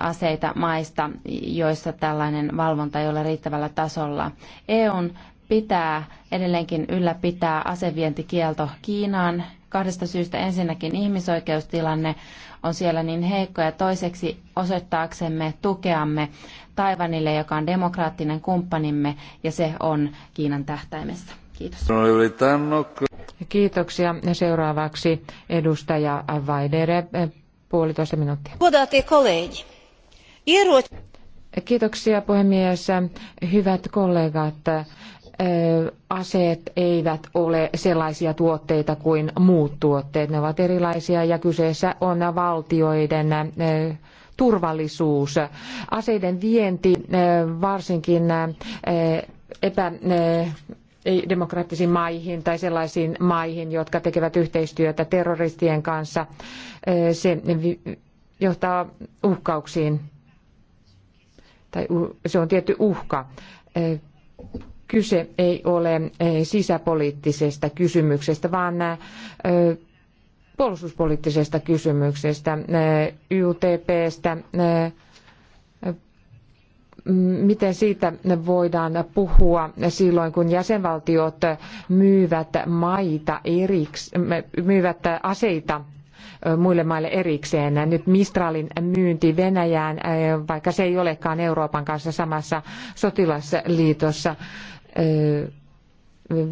aseita maista, joissa tällainen valvonta ei ole riittävällä tasolla. EUn pitää edelleenkin ylläpitää asevientikielto Kiinaan kahdesta syystä. Ensinnäkin ihmisoikeustilanne on siellä niin heikko ja toiseksi osoittaaksemme tukeamme Taivanille, joka on demokraattinen kumppanimme ja se on Kiinan tähtäimessä. Kiitos. Kiitoksia. Ja seuraavaksi edustaja Vaidere, puolitoista minuuttia. Kiitoksia puhemies. Hyvät kollegat, aseet eivät ole sellaisia tuotteita kuin muut tuotteet. Ne ovat erilaisia ja kyseessä on valtioiden turvallisuus. Aseiden vienti varsinkin epä demokraattisiin maihin tai sellaisiin maihin, jotka tekevät yhteistyötä terroristien kanssa. Se johtaa uhkauksiin, tai se on tietty uhka Kyse ei ole sisäpoliittisesta kysymyksestä, vaan puolustuspoliittisesta kysymyksestä, stä miten siitä voidaan puhua silloin, kun jäsenvaltiot myyvät maita eriks, myyvät aseita muille maille erikseen. Nyt Mistralin myynti Venäjään, vaikka se ei olekaan Euroopan kanssa samassa sotilasliitossa,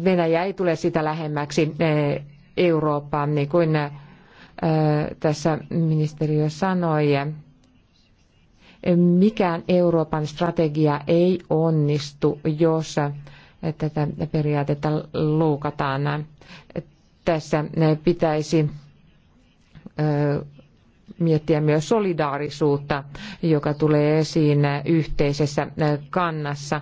Venäjä ei tule sitä lähemmäksi Eurooppaan, niin kuin tässä ministeriö sanoi. Mikään Euroopan strategia ei onnistu, jos tätä periaatetta loukataan. Tässä pitäisi miettiä myös solidaarisuutta, joka tulee esiin yhteisessä kannassa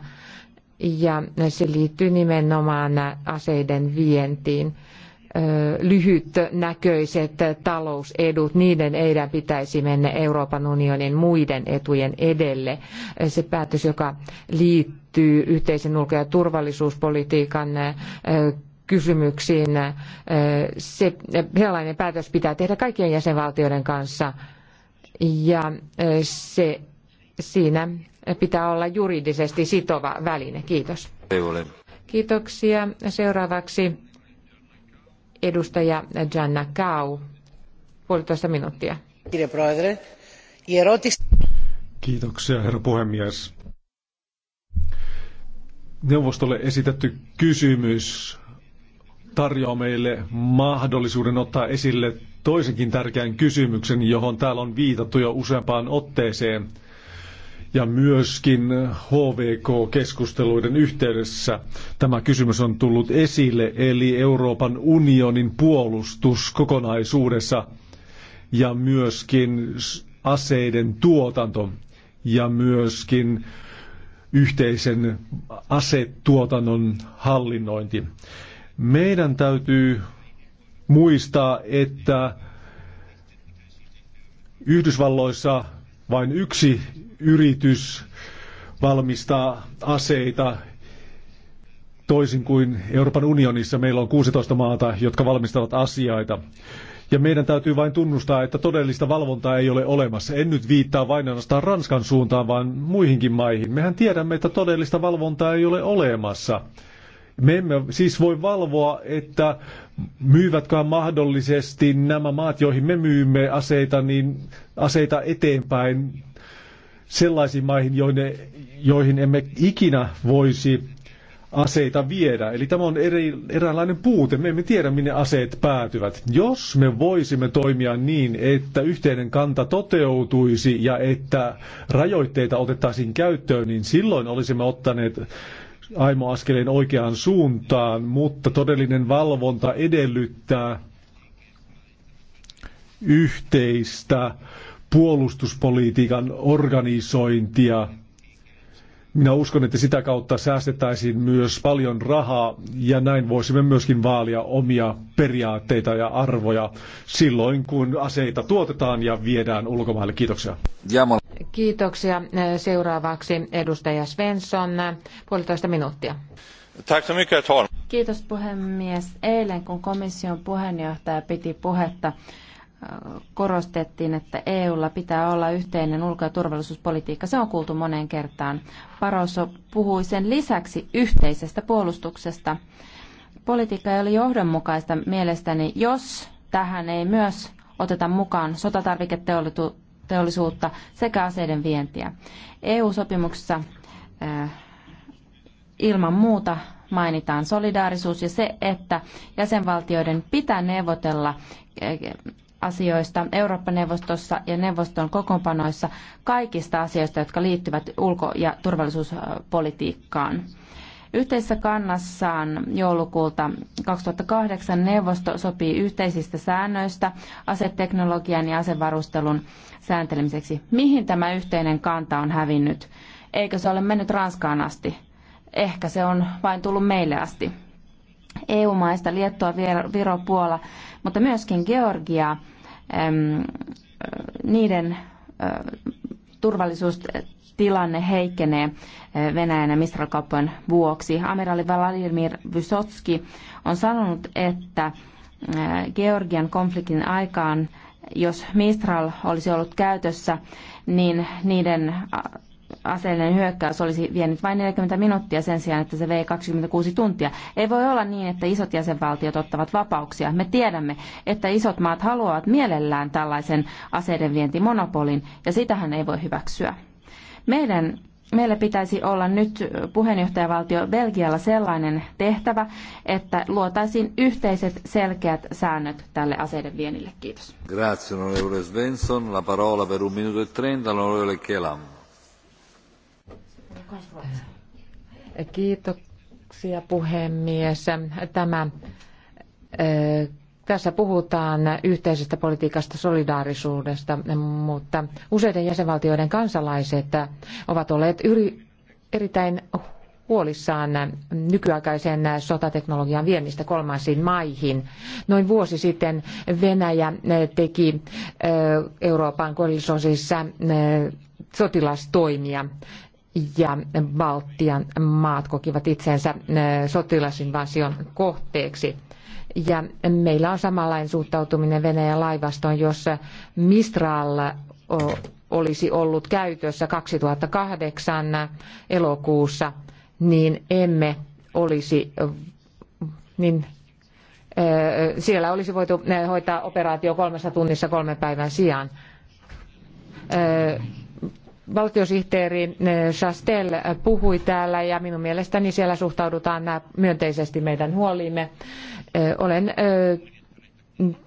ja se liittyy nimenomaan aseiden vientiin. Lyhytnäköiset talousedut, niiden ei pitäisi mennä Euroopan unionin muiden etujen edelle. Se päätös, joka liittyy yhteisen ulko- ja turvallisuuspolitiikan kysymyksiin, se, sellainen päätös pitää tehdä kaikkien jäsenvaltioiden kanssa ja se, siinä pitää olla juridisesti sitova väline. Kiitos. Kiitoksia. Seuraavaksi edustaja Janna Kau, puolitoista minuuttia. Kiitoksia, herra puhemies. Neuvostolle esitetty kysymys tarjoaa meille mahdollisuuden ottaa esille toisenkin tärkeän kysymyksen, johon täällä on viitattu jo useampaan otteeseen – ja myöskin HVK-keskusteluiden yhteydessä tämä kysymys on tullut esille, eli Euroopan unionin puolustus kokonaisuudessa ja myöskin aseiden tuotanto ja myöskin yhteisen asetuotannon hallinnointi. Meidän täytyy muistaa, että Yhdysvalloissa vain yksi yritys valmistaa aseita toisin kuin Euroopan unionissa meillä on 16 maata, jotka valmistavat asioita. Ja meidän täytyy vain tunnustaa, että todellista valvontaa ei ole olemassa. En nyt viittaa vain ainoastaan Ranskan suuntaan, vaan muihinkin maihin. Mehän tiedämme, että todellista valvontaa ei ole olemassa. Me emme siis voi valvoa, että myyvätkö mahdollisesti nämä maat, joihin me myymme aseita, niin aseita eteenpäin sellaisiin maihin, joihin, joihin emme ikinä voisi aseita viedä. Eli tämä on eri, eräänlainen puute. Me emme tiedä, minne aseet päätyvät. Jos me voisimme toimia niin, että yhteinen kanta toteutuisi ja että rajoitteita otettaisiin käyttöön, niin silloin olisimme ottaneet aimo askeleen oikeaan suuntaan, mutta todellinen valvonta edellyttää yhteistä puolustuspolitiikan organisointia. Minä uskon, että sitä kautta säästettäisiin myös paljon rahaa ja näin voisimme myöskin vaalia omia periaatteita ja arvoja silloin, kun aseita tuotetaan ja viedään ulkomaille. Kiitoksia. Kiitoksia. Seuraavaksi edustaja Svensson, puolitoista minuuttia. Kiitos puhemies. Eilen kun komission puheenjohtaja piti puhetta, korostettiin, että EUlla pitää olla yhteinen ulko- ja turvallisuuspolitiikka. Se on kuultu moneen kertaan. Paroso puhui sen lisäksi yhteisestä puolustuksesta. Politiikka ei ole johdonmukaista mielestäni, jos tähän ei myös oteta mukaan sotatarviketeollisuutta sekä aseiden vientiä. EU-sopimuksessa äh, ilman muuta mainitaan solidaarisuus ja se, että jäsenvaltioiden pitää neuvotella äh, asioista Eurooppa-neuvostossa ja neuvoston kokoonpanoissa kaikista asioista, jotka liittyvät ulko- ja turvallisuuspolitiikkaan. Yhteisessä kannassaan joulukuulta 2008 neuvosto sopii yhteisistä säännöistä aseteknologian ja asevarustelun sääntelemiseksi. Mihin tämä yhteinen kanta on hävinnyt? Eikö se ole mennyt Ranskaan asti? Ehkä se on vain tullut meille asti. EU-maista Liettua, Viro, Puola, mutta myöskin Georgia niiden turvallisuustilanne heikkenee Venäjän ja mistral vuoksi. Amiraali Vladimir Vysotski on sanonut, että Georgian konfliktin aikaan, jos Mistral olisi ollut käytössä, niin niiden aseellinen hyökkäys olisi vienyt vain 40 minuuttia sen sijaan, että se vei 26 tuntia. Ei voi olla niin, että isot jäsenvaltiot ottavat vapauksia. Me tiedämme, että isot maat haluavat mielellään tällaisen aseiden vientimonopolin, ja sitähän ei voi hyväksyä. Meidän meillä pitäisi olla nyt puheenjohtajavaltio Belgialla sellainen tehtävä, että luotaisiin yhteiset selkeät säännöt tälle aseiden vienille. Kiitos. Grazie, onorevole Svensson. La parola per un minuto e trenta, onorevole Kelam. Kiitoksia puhemies. Tämä, eh, tässä puhutaan yhteisestä politiikasta solidaarisuudesta, mutta useiden jäsenvaltioiden kansalaiset ovat olleet yri, erittäin huolissaan nykyaikaisen sotateknologian viennistä kolmansiin maihin. Noin vuosi sitten Venäjä eh, teki eh, Euroopan koillisosissa sotilastoimia ja Baltian maat kokivat itsensä äh, sotilasinvasion kohteeksi. Ja meillä on samanlainen suhtautuminen Venäjän laivastoon, jossa Mistral äh, olisi ollut käytössä 2008 elokuussa, niin emme olisi, äh, niin siellä olisi voitu hoitaa operaatio kolmessa tunnissa kolmen päivän sijaan valtiosihteeri eh, Chastel puhui täällä ja minun mielestäni siellä suhtaudutaan myönteisesti meidän huoliimme. Eh, olen eh,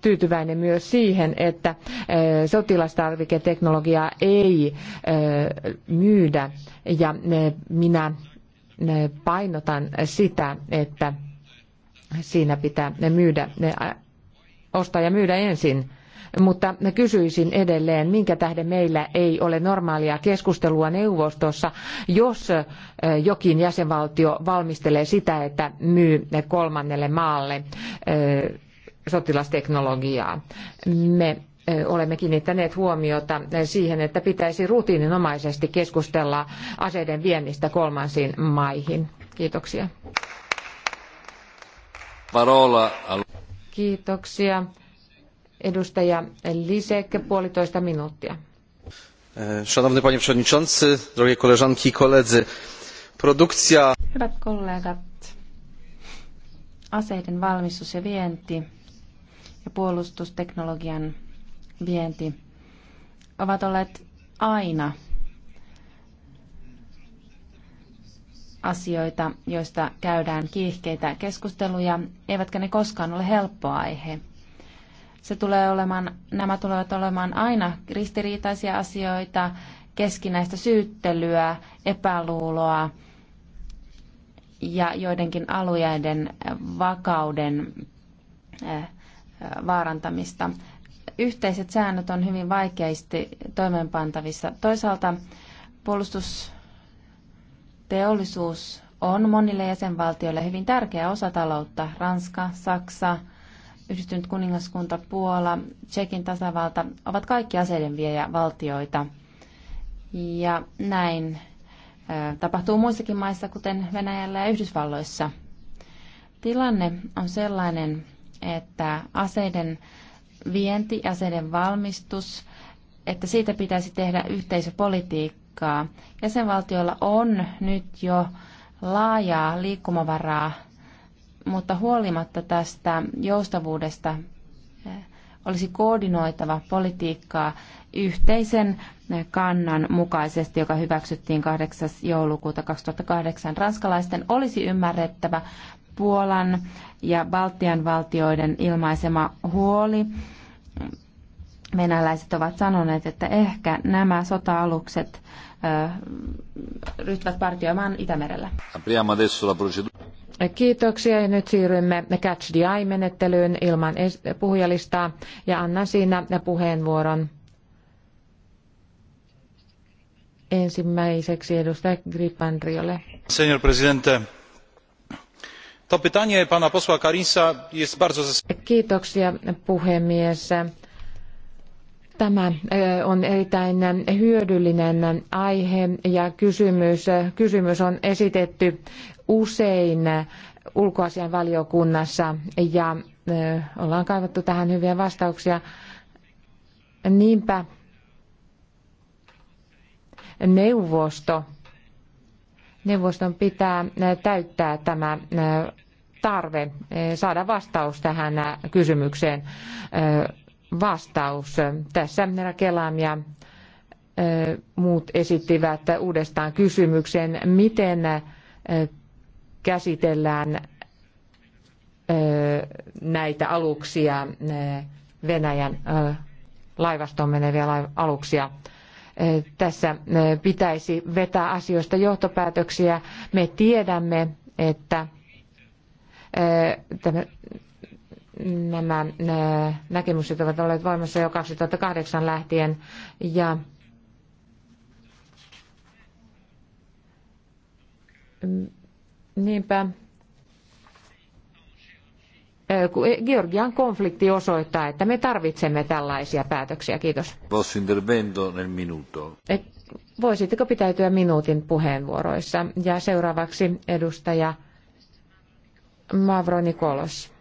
tyytyväinen myös siihen, että sotilastarviketeknologiaa ei myydä ja minä painotan sitä, että siinä pitää myydä, ostaa ja myydä ensin mutta kysyisin edelleen, minkä tähden meillä ei ole normaalia keskustelua neuvostossa, jos jokin jäsenvaltio valmistelee sitä, että myy kolmannelle maalle sotilasteknologiaa. Me olemme kiinnittäneet huomiota siihen, että pitäisi rutiininomaisesti keskustella aseiden viennistä kolmansiin maihin. Kiitoksia. Kiitoksia. Edustaja Lisek, puolitoista minuuttia. Szanowny panie przewodniczący, drogie koleżanki i koledzy. Produkcja... Hyvät kollegat, aseiden valmistus ja vienti ja puolustusteknologian vienti ovat olleet aina asioita, joista käydään kiihkeitä keskusteluja, eivätkä ne koskaan ole helppo aihe. Se tulee olemaan, nämä tulevat olemaan aina ristiriitaisia asioita, keskinäistä syyttelyä, epäluuloa ja joidenkin alueiden vakauden eh, vaarantamista. Yhteiset säännöt on hyvin vaikeasti toimeenpantavissa. Toisaalta puolustusteollisuus on monille jäsenvaltioille hyvin tärkeä osa taloutta. Ranska, Saksa, Yhdistynyt kuningaskunta, Puola, Tsekin tasavalta ovat kaikki aseiden valtioita. Ja näin tapahtuu muissakin maissa, kuten Venäjällä ja Yhdysvalloissa. Tilanne on sellainen, että aseiden vienti, aseiden valmistus, että siitä pitäisi tehdä yhteisöpolitiikkaa. Jäsenvaltioilla on nyt jo laajaa liikkumavaraa mutta huolimatta tästä joustavuudesta eh, olisi koordinoitava politiikkaa yhteisen kannan mukaisesti, joka hyväksyttiin 8. joulukuuta 2008. Ranskalaisten olisi ymmärrettävä Puolan ja Baltian valtioiden ilmaisema huoli. Venäläiset ovat sanoneet, että ehkä nämä sota-alukset eh, ryhtyvät partioimaan Itämerellä. Kiitoksia ja nyt siirrymme Catch the Eye-menettelyyn ilman puhujalistaa ja annan siinä puheenvuoron ensimmäiseksi edustaja Gripandriolle. Senior presidente, to pytanie pana posła Karinsa jest bardzo... Kiitoksia puhemies. Tämä e, on erittäin hyödyllinen aihe ja kysymys, kysymys on esitetty usein ulkoasian valiokunnassa ja ollaan kaivattu tähän hyviä vastauksia. Niinpä neuvosto, neuvoston pitää täyttää tämä tarve saada vastaus tähän kysymykseen. Vastaus. Tässä Nera Kelam ja muut esittivät uudestaan kysymyksen, miten käsitellään näitä aluksia, Venäjän laivastoon meneviä aluksia. Tässä pitäisi vetää asioista johtopäätöksiä. Me tiedämme, että nämä näkemykset ovat olleet voimassa jo 2008 lähtien ja Niinpä e, Georgian konflikti osoittaa, että me tarvitsemme tällaisia päätöksiä. Kiitos. Voisitteko pitäytyä minuutin puheenvuoroissa? Ja seuraavaksi edustaja Mavro Nikolos.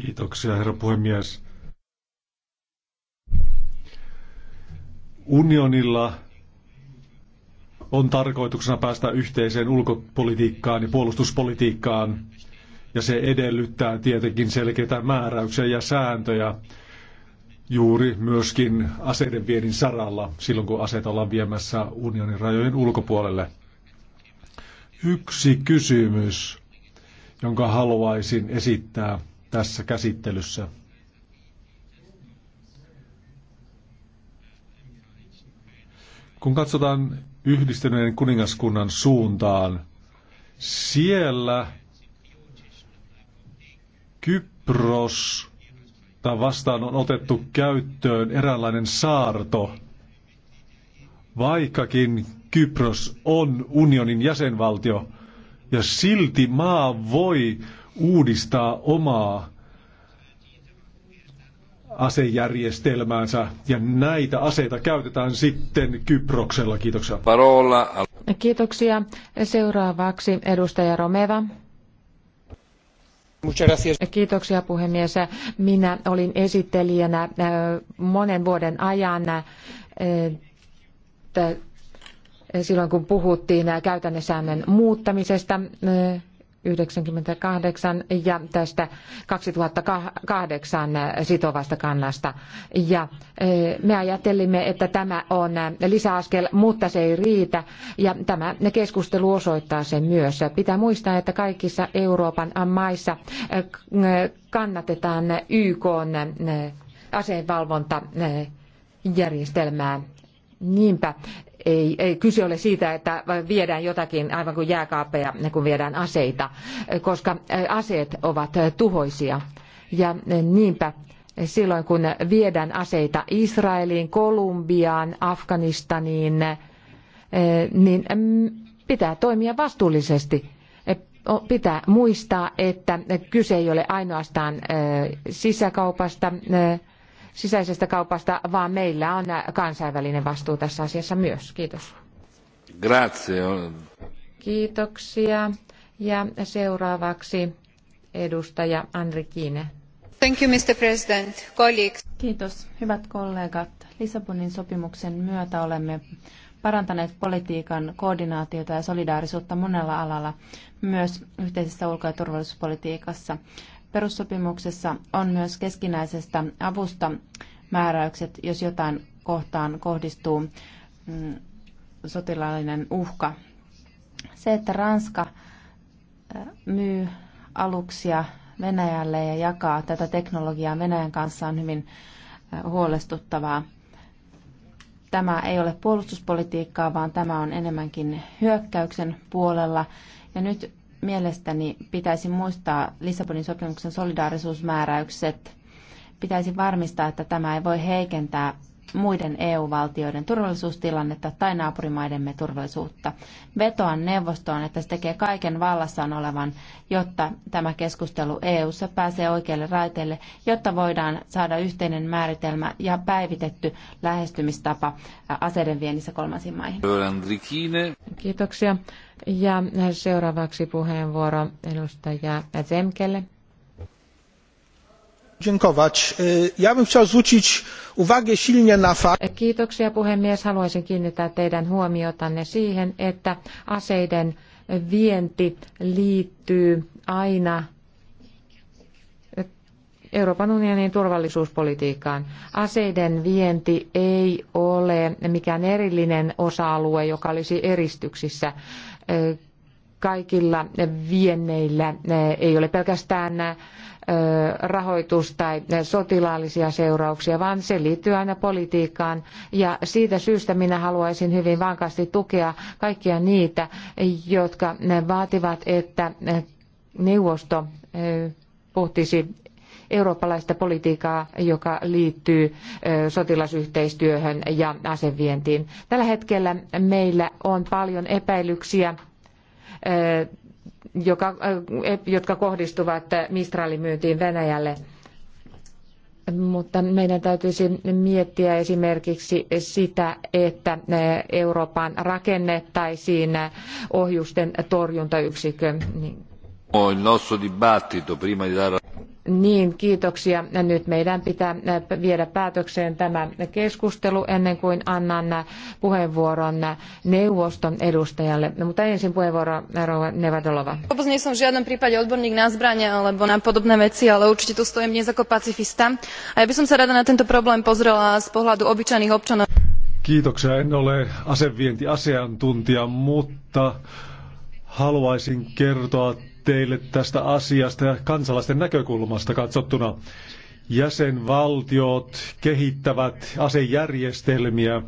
Kiitoksia, herra puhemies. Unionilla on tarkoituksena päästä yhteiseen ulkopolitiikkaan ja puolustuspolitiikkaan, ja se edellyttää tietenkin selkeitä määräyksiä ja sääntöjä juuri myöskin aseiden viennin saralla, silloin kun aseita ollaan viemässä unionin rajojen ulkopuolelle. Yksi kysymys, jonka haluaisin esittää tässä käsittelyssä, Kun katsotaan yhdistyneen kuningaskunnan suuntaan, siellä Kypros vastaan on otettu käyttöön eräänlainen saarto, vaikkakin Kypros on unionin jäsenvaltio, ja silti maa voi uudistaa omaa asejärjestelmäänsä ja näitä aseita käytetään sitten Kyproksella. Kiitoksia. Parola. Kiitoksia. Seuraavaksi edustaja Romeva. Kiitoksia puhemies. Minä olin esittelijänä äh, monen vuoden ajan äh, silloin kun puhuttiin äh, käytännössäännön muuttamisesta 1998 ja tästä 2008 sitovasta kannasta. Ja e, me ajattelimme, että tämä on lisäaskel, mutta se ei riitä. Ja tämä keskustelu osoittaa sen myös. Pitää muistaa, että kaikissa Euroopan maissa e, kannatetaan YK e, aseenvalvontajärjestelmää. Niinpä ei, ei kyse ole siitä, että viedään jotakin aivan kuin jääkaappeja, kun viedään aseita, koska aseet ovat tuhoisia. Ja niinpä silloin, kun viedään aseita Israeliin, Kolumbiaan, Afganistaniin, niin mm, pitää toimia vastuullisesti pitää muistaa, että kyse ei ole ainoastaan sisäkaupasta, sisäisestä kaupasta, vaan meillä on kansainvälinen vastuu tässä asiassa myös. Kiitos. Grazie. Kiitoksia. Ja seuraavaksi edustaja Andri Thank you, Mr. President. Colleagues. Kiitos, hyvät kollegat. Lissabonin sopimuksen myötä olemme parantaneet politiikan koordinaatiota ja solidaarisuutta monella alalla, myös yhteisessä ulko- ja turvallisuuspolitiikassa. Perussopimuksessa on myös keskinäisestä avusta määräykset, jos jotain kohtaan kohdistuu mm, sotilaallinen uhka. Se, että Ranska myy aluksia Venäjälle ja jakaa tätä teknologiaa Venäjän kanssa on hyvin huolestuttavaa. Tämä ei ole puolustuspolitiikkaa, vaan tämä on enemmänkin hyökkäyksen puolella. Ja nyt mielestäni pitäisi muistaa Lissabonin sopimuksen solidaarisuusmääräykset. Pitäisi varmistaa, että tämä ei voi heikentää muiden EU-valtioiden turvallisuustilannetta tai naapurimaidemme turvallisuutta. Vetoan neuvostoon, että se tekee kaiken vallassaan olevan, jotta tämä keskustelu EU:ssa pääsee oikealle raiteelle, jotta voidaan saada yhteinen määritelmä ja päivitetty lähestymistapa aseiden viennissä kolmansiin maihin. Kiitoksia. Ja seuraavaksi puheenvuoro edustaja Zemkelle. E, Kiitoksia puhemies. Haluaisin kiinnittää teidän huomiotanne siihen, että aseiden vienti liittyy aina Euroopan unionin turvallisuuspolitiikkaan. Aseiden vienti ei ole mikään erillinen osa-alue, joka olisi eristyksissä. E, kaikilla vienneillä e, ei ole pelkästään rahoitus tai sotilaallisia seurauksia, vaan se liittyy aina politiikkaan. Ja siitä syystä minä haluaisin hyvin vankasti tukea kaikkia niitä, jotka vaativat, että neuvosto pohtisi eurooppalaista politiikkaa, joka liittyy sotilasyhteistyöhön ja asevientiin. Tällä hetkellä meillä on paljon epäilyksiä joka, äh, jotka kohdistuvat Mistralin myyntiin Venäjälle. Mutta meidän täytyisi miettiä esimerkiksi sitä, että Euroopan rakennettaisiin ohjusten torjuntayksikkö. Niin. Niin, kiitoksia. Nyt meidän pitää viedä päätökseen tämä keskustelu ennen kuin annan puheenvuoron neuvoston edustajalle. No, mutta ensin puheenvuoro Rova Nevadolova. Vôbec som v žiadnom prípade odborník na zbranie alebo na podobné veci, ale určite tu stojím dnes ako pacifista. A ja by som sa rada na tento problém pozrela z pohľadu obyčajných občanov. Kiitoksia. En ole asevientiasiantuntija, mutta haluaisin kertoa teille tästä asiasta ja kansalaisten näkökulmasta katsottuna. Jäsenvaltiot kehittävät asejärjestelmiä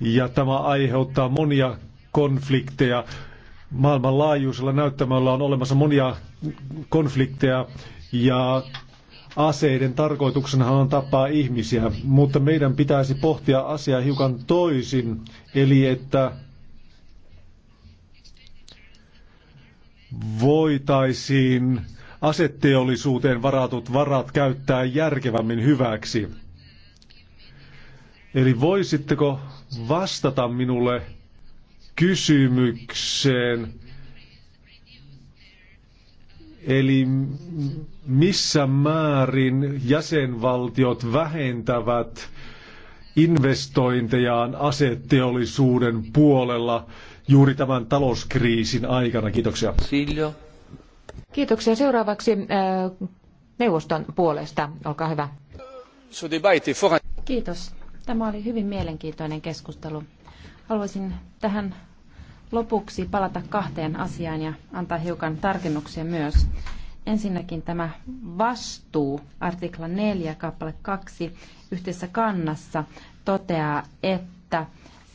ja tämä aiheuttaa monia konflikteja. Maailmanlaajuisella näyttämällä on olemassa monia konflikteja ja aseiden tarkoituksena on tapaa ihmisiä, mutta meidän pitäisi pohtia asiaa hiukan toisin, eli että voitaisiin asetteollisuuteen varatut varat käyttää järkevämmin hyväksi. Eli voisitteko vastata minulle kysymykseen, eli missä määrin jäsenvaltiot vähentävät investointejaan aseteollisuuden puolella juuri tämän talouskriisin aikana. Kiitoksia. Siljo. Kiitoksia. Seuraavaksi äh, neuvoston puolesta. Olkaa hyvä. Kiitos. Tämä oli hyvin mielenkiintoinen keskustelu. Haluaisin tähän lopuksi palata kahteen asiaan ja antaa hiukan tarkennuksia myös. Ensinnäkin tämä vastuu, artikla 4, kappale 2, yhteisessä kannassa toteaa, että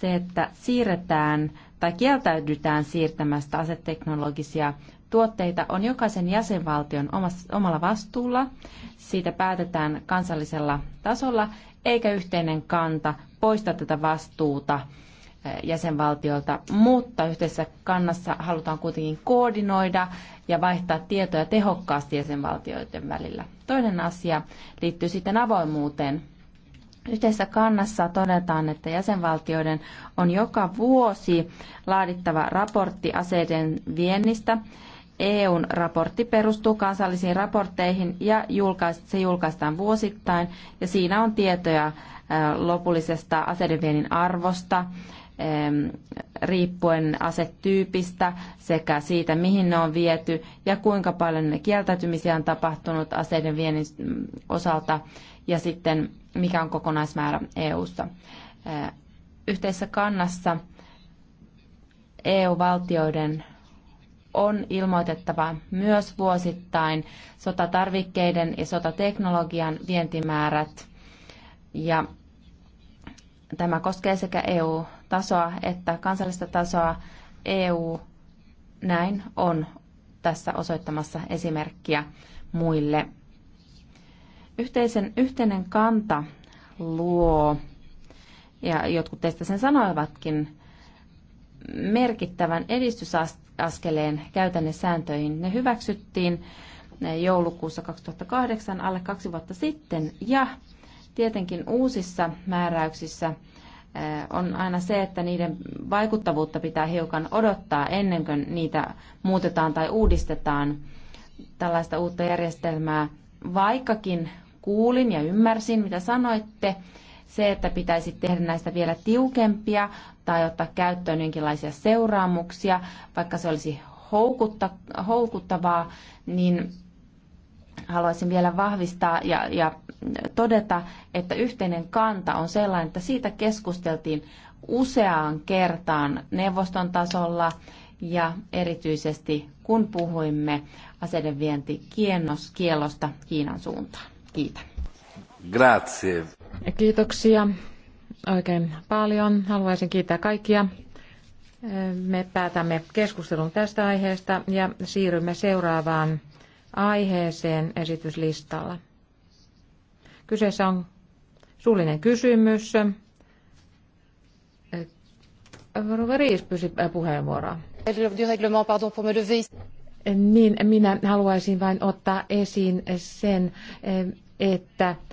se, että siirretään tai kieltäydytään siirtämästä aseteknologisia tuotteita on jokaisen jäsenvaltion omalla vastuulla. Siitä päätetään kansallisella tasolla, eikä yhteinen kanta poista tätä vastuuta eh, jäsenvaltiolta, mutta yhteisessä kannassa halutaan kuitenkin koordinoida ja vaihtaa tietoja tehokkaasti jäsenvaltioiden välillä. Toinen asia liittyy sitten avoimuuteen. Yhteisessä kannassa todetaan, että jäsenvaltioiden on joka vuosi laadittava raportti aseiden viennistä. EUn raportti perustuu kansallisiin raportteihin ja se julkaistaan vuosittain ja siinä on tietoja äh, lopullisesta aseiden viennin arvosta, ähm, riippuen asetyypistä sekä siitä, mihin ne on viety ja kuinka paljon kieltäytymisiä on tapahtunut aseiden viennin osalta ja sitten mikä on kokonaismäärä EU:ssa. Äh, yhteisessä kannassa EU-valtioiden on ilmoitettava myös vuosittain sotatarvikkeiden ja sotateknologian vientimäärät. Ja tämä koskee sekä EU-tasoa että kansallista tasoa. EU näin on tässä osoittamassa esimerkkiä muille Yhteisen, yhteinen kanta luo, ja jotkut teistä sen sanoivatkin, merkittävän edistysaskeleen käytännön sääntöihin. Ne hyväksyttiin joulukuussa 2008 alle kaksi vuotta sitten ja tietenkin uusissa määräyksissä eh, on aina se, että niiden vaikuttavuutta pitää hiukan odottaa ennen kuin niitä muutetaan tai uudistetaan tällaista uutta järjestelmää, vaikkakin kuulin ja ymmärsin, mitä sanoitte. Se, että pitäisi tehdä näistä vielä tiukempia tai ottaa käyttöön jonkinlaisia seuraamuksia, vaikka se olisi houkutta, houkuttavaa, niin haluaisin vielä vahvistaa ja, ja todeta, että yhteinen kanta on sellainen, että siitä keskusteltiin useaan kertaan neuvoston tasolla ja erityisesti kun puhuimme aseiden vientikiellosta Kiinan suuntaan. Kiitän. Grazie. Kiitoksia oikein paljon. Haluaisin kiittää kaikkia. Me päätämme keskustelun tästä aiheesta ja siirrymme seuraavaan aiheeseen esityslistalla. Kyseessä on suullinen kysymys. Roveris puheenvuoroa. Niin, minä haluaisin vain ottaa esiin sen, että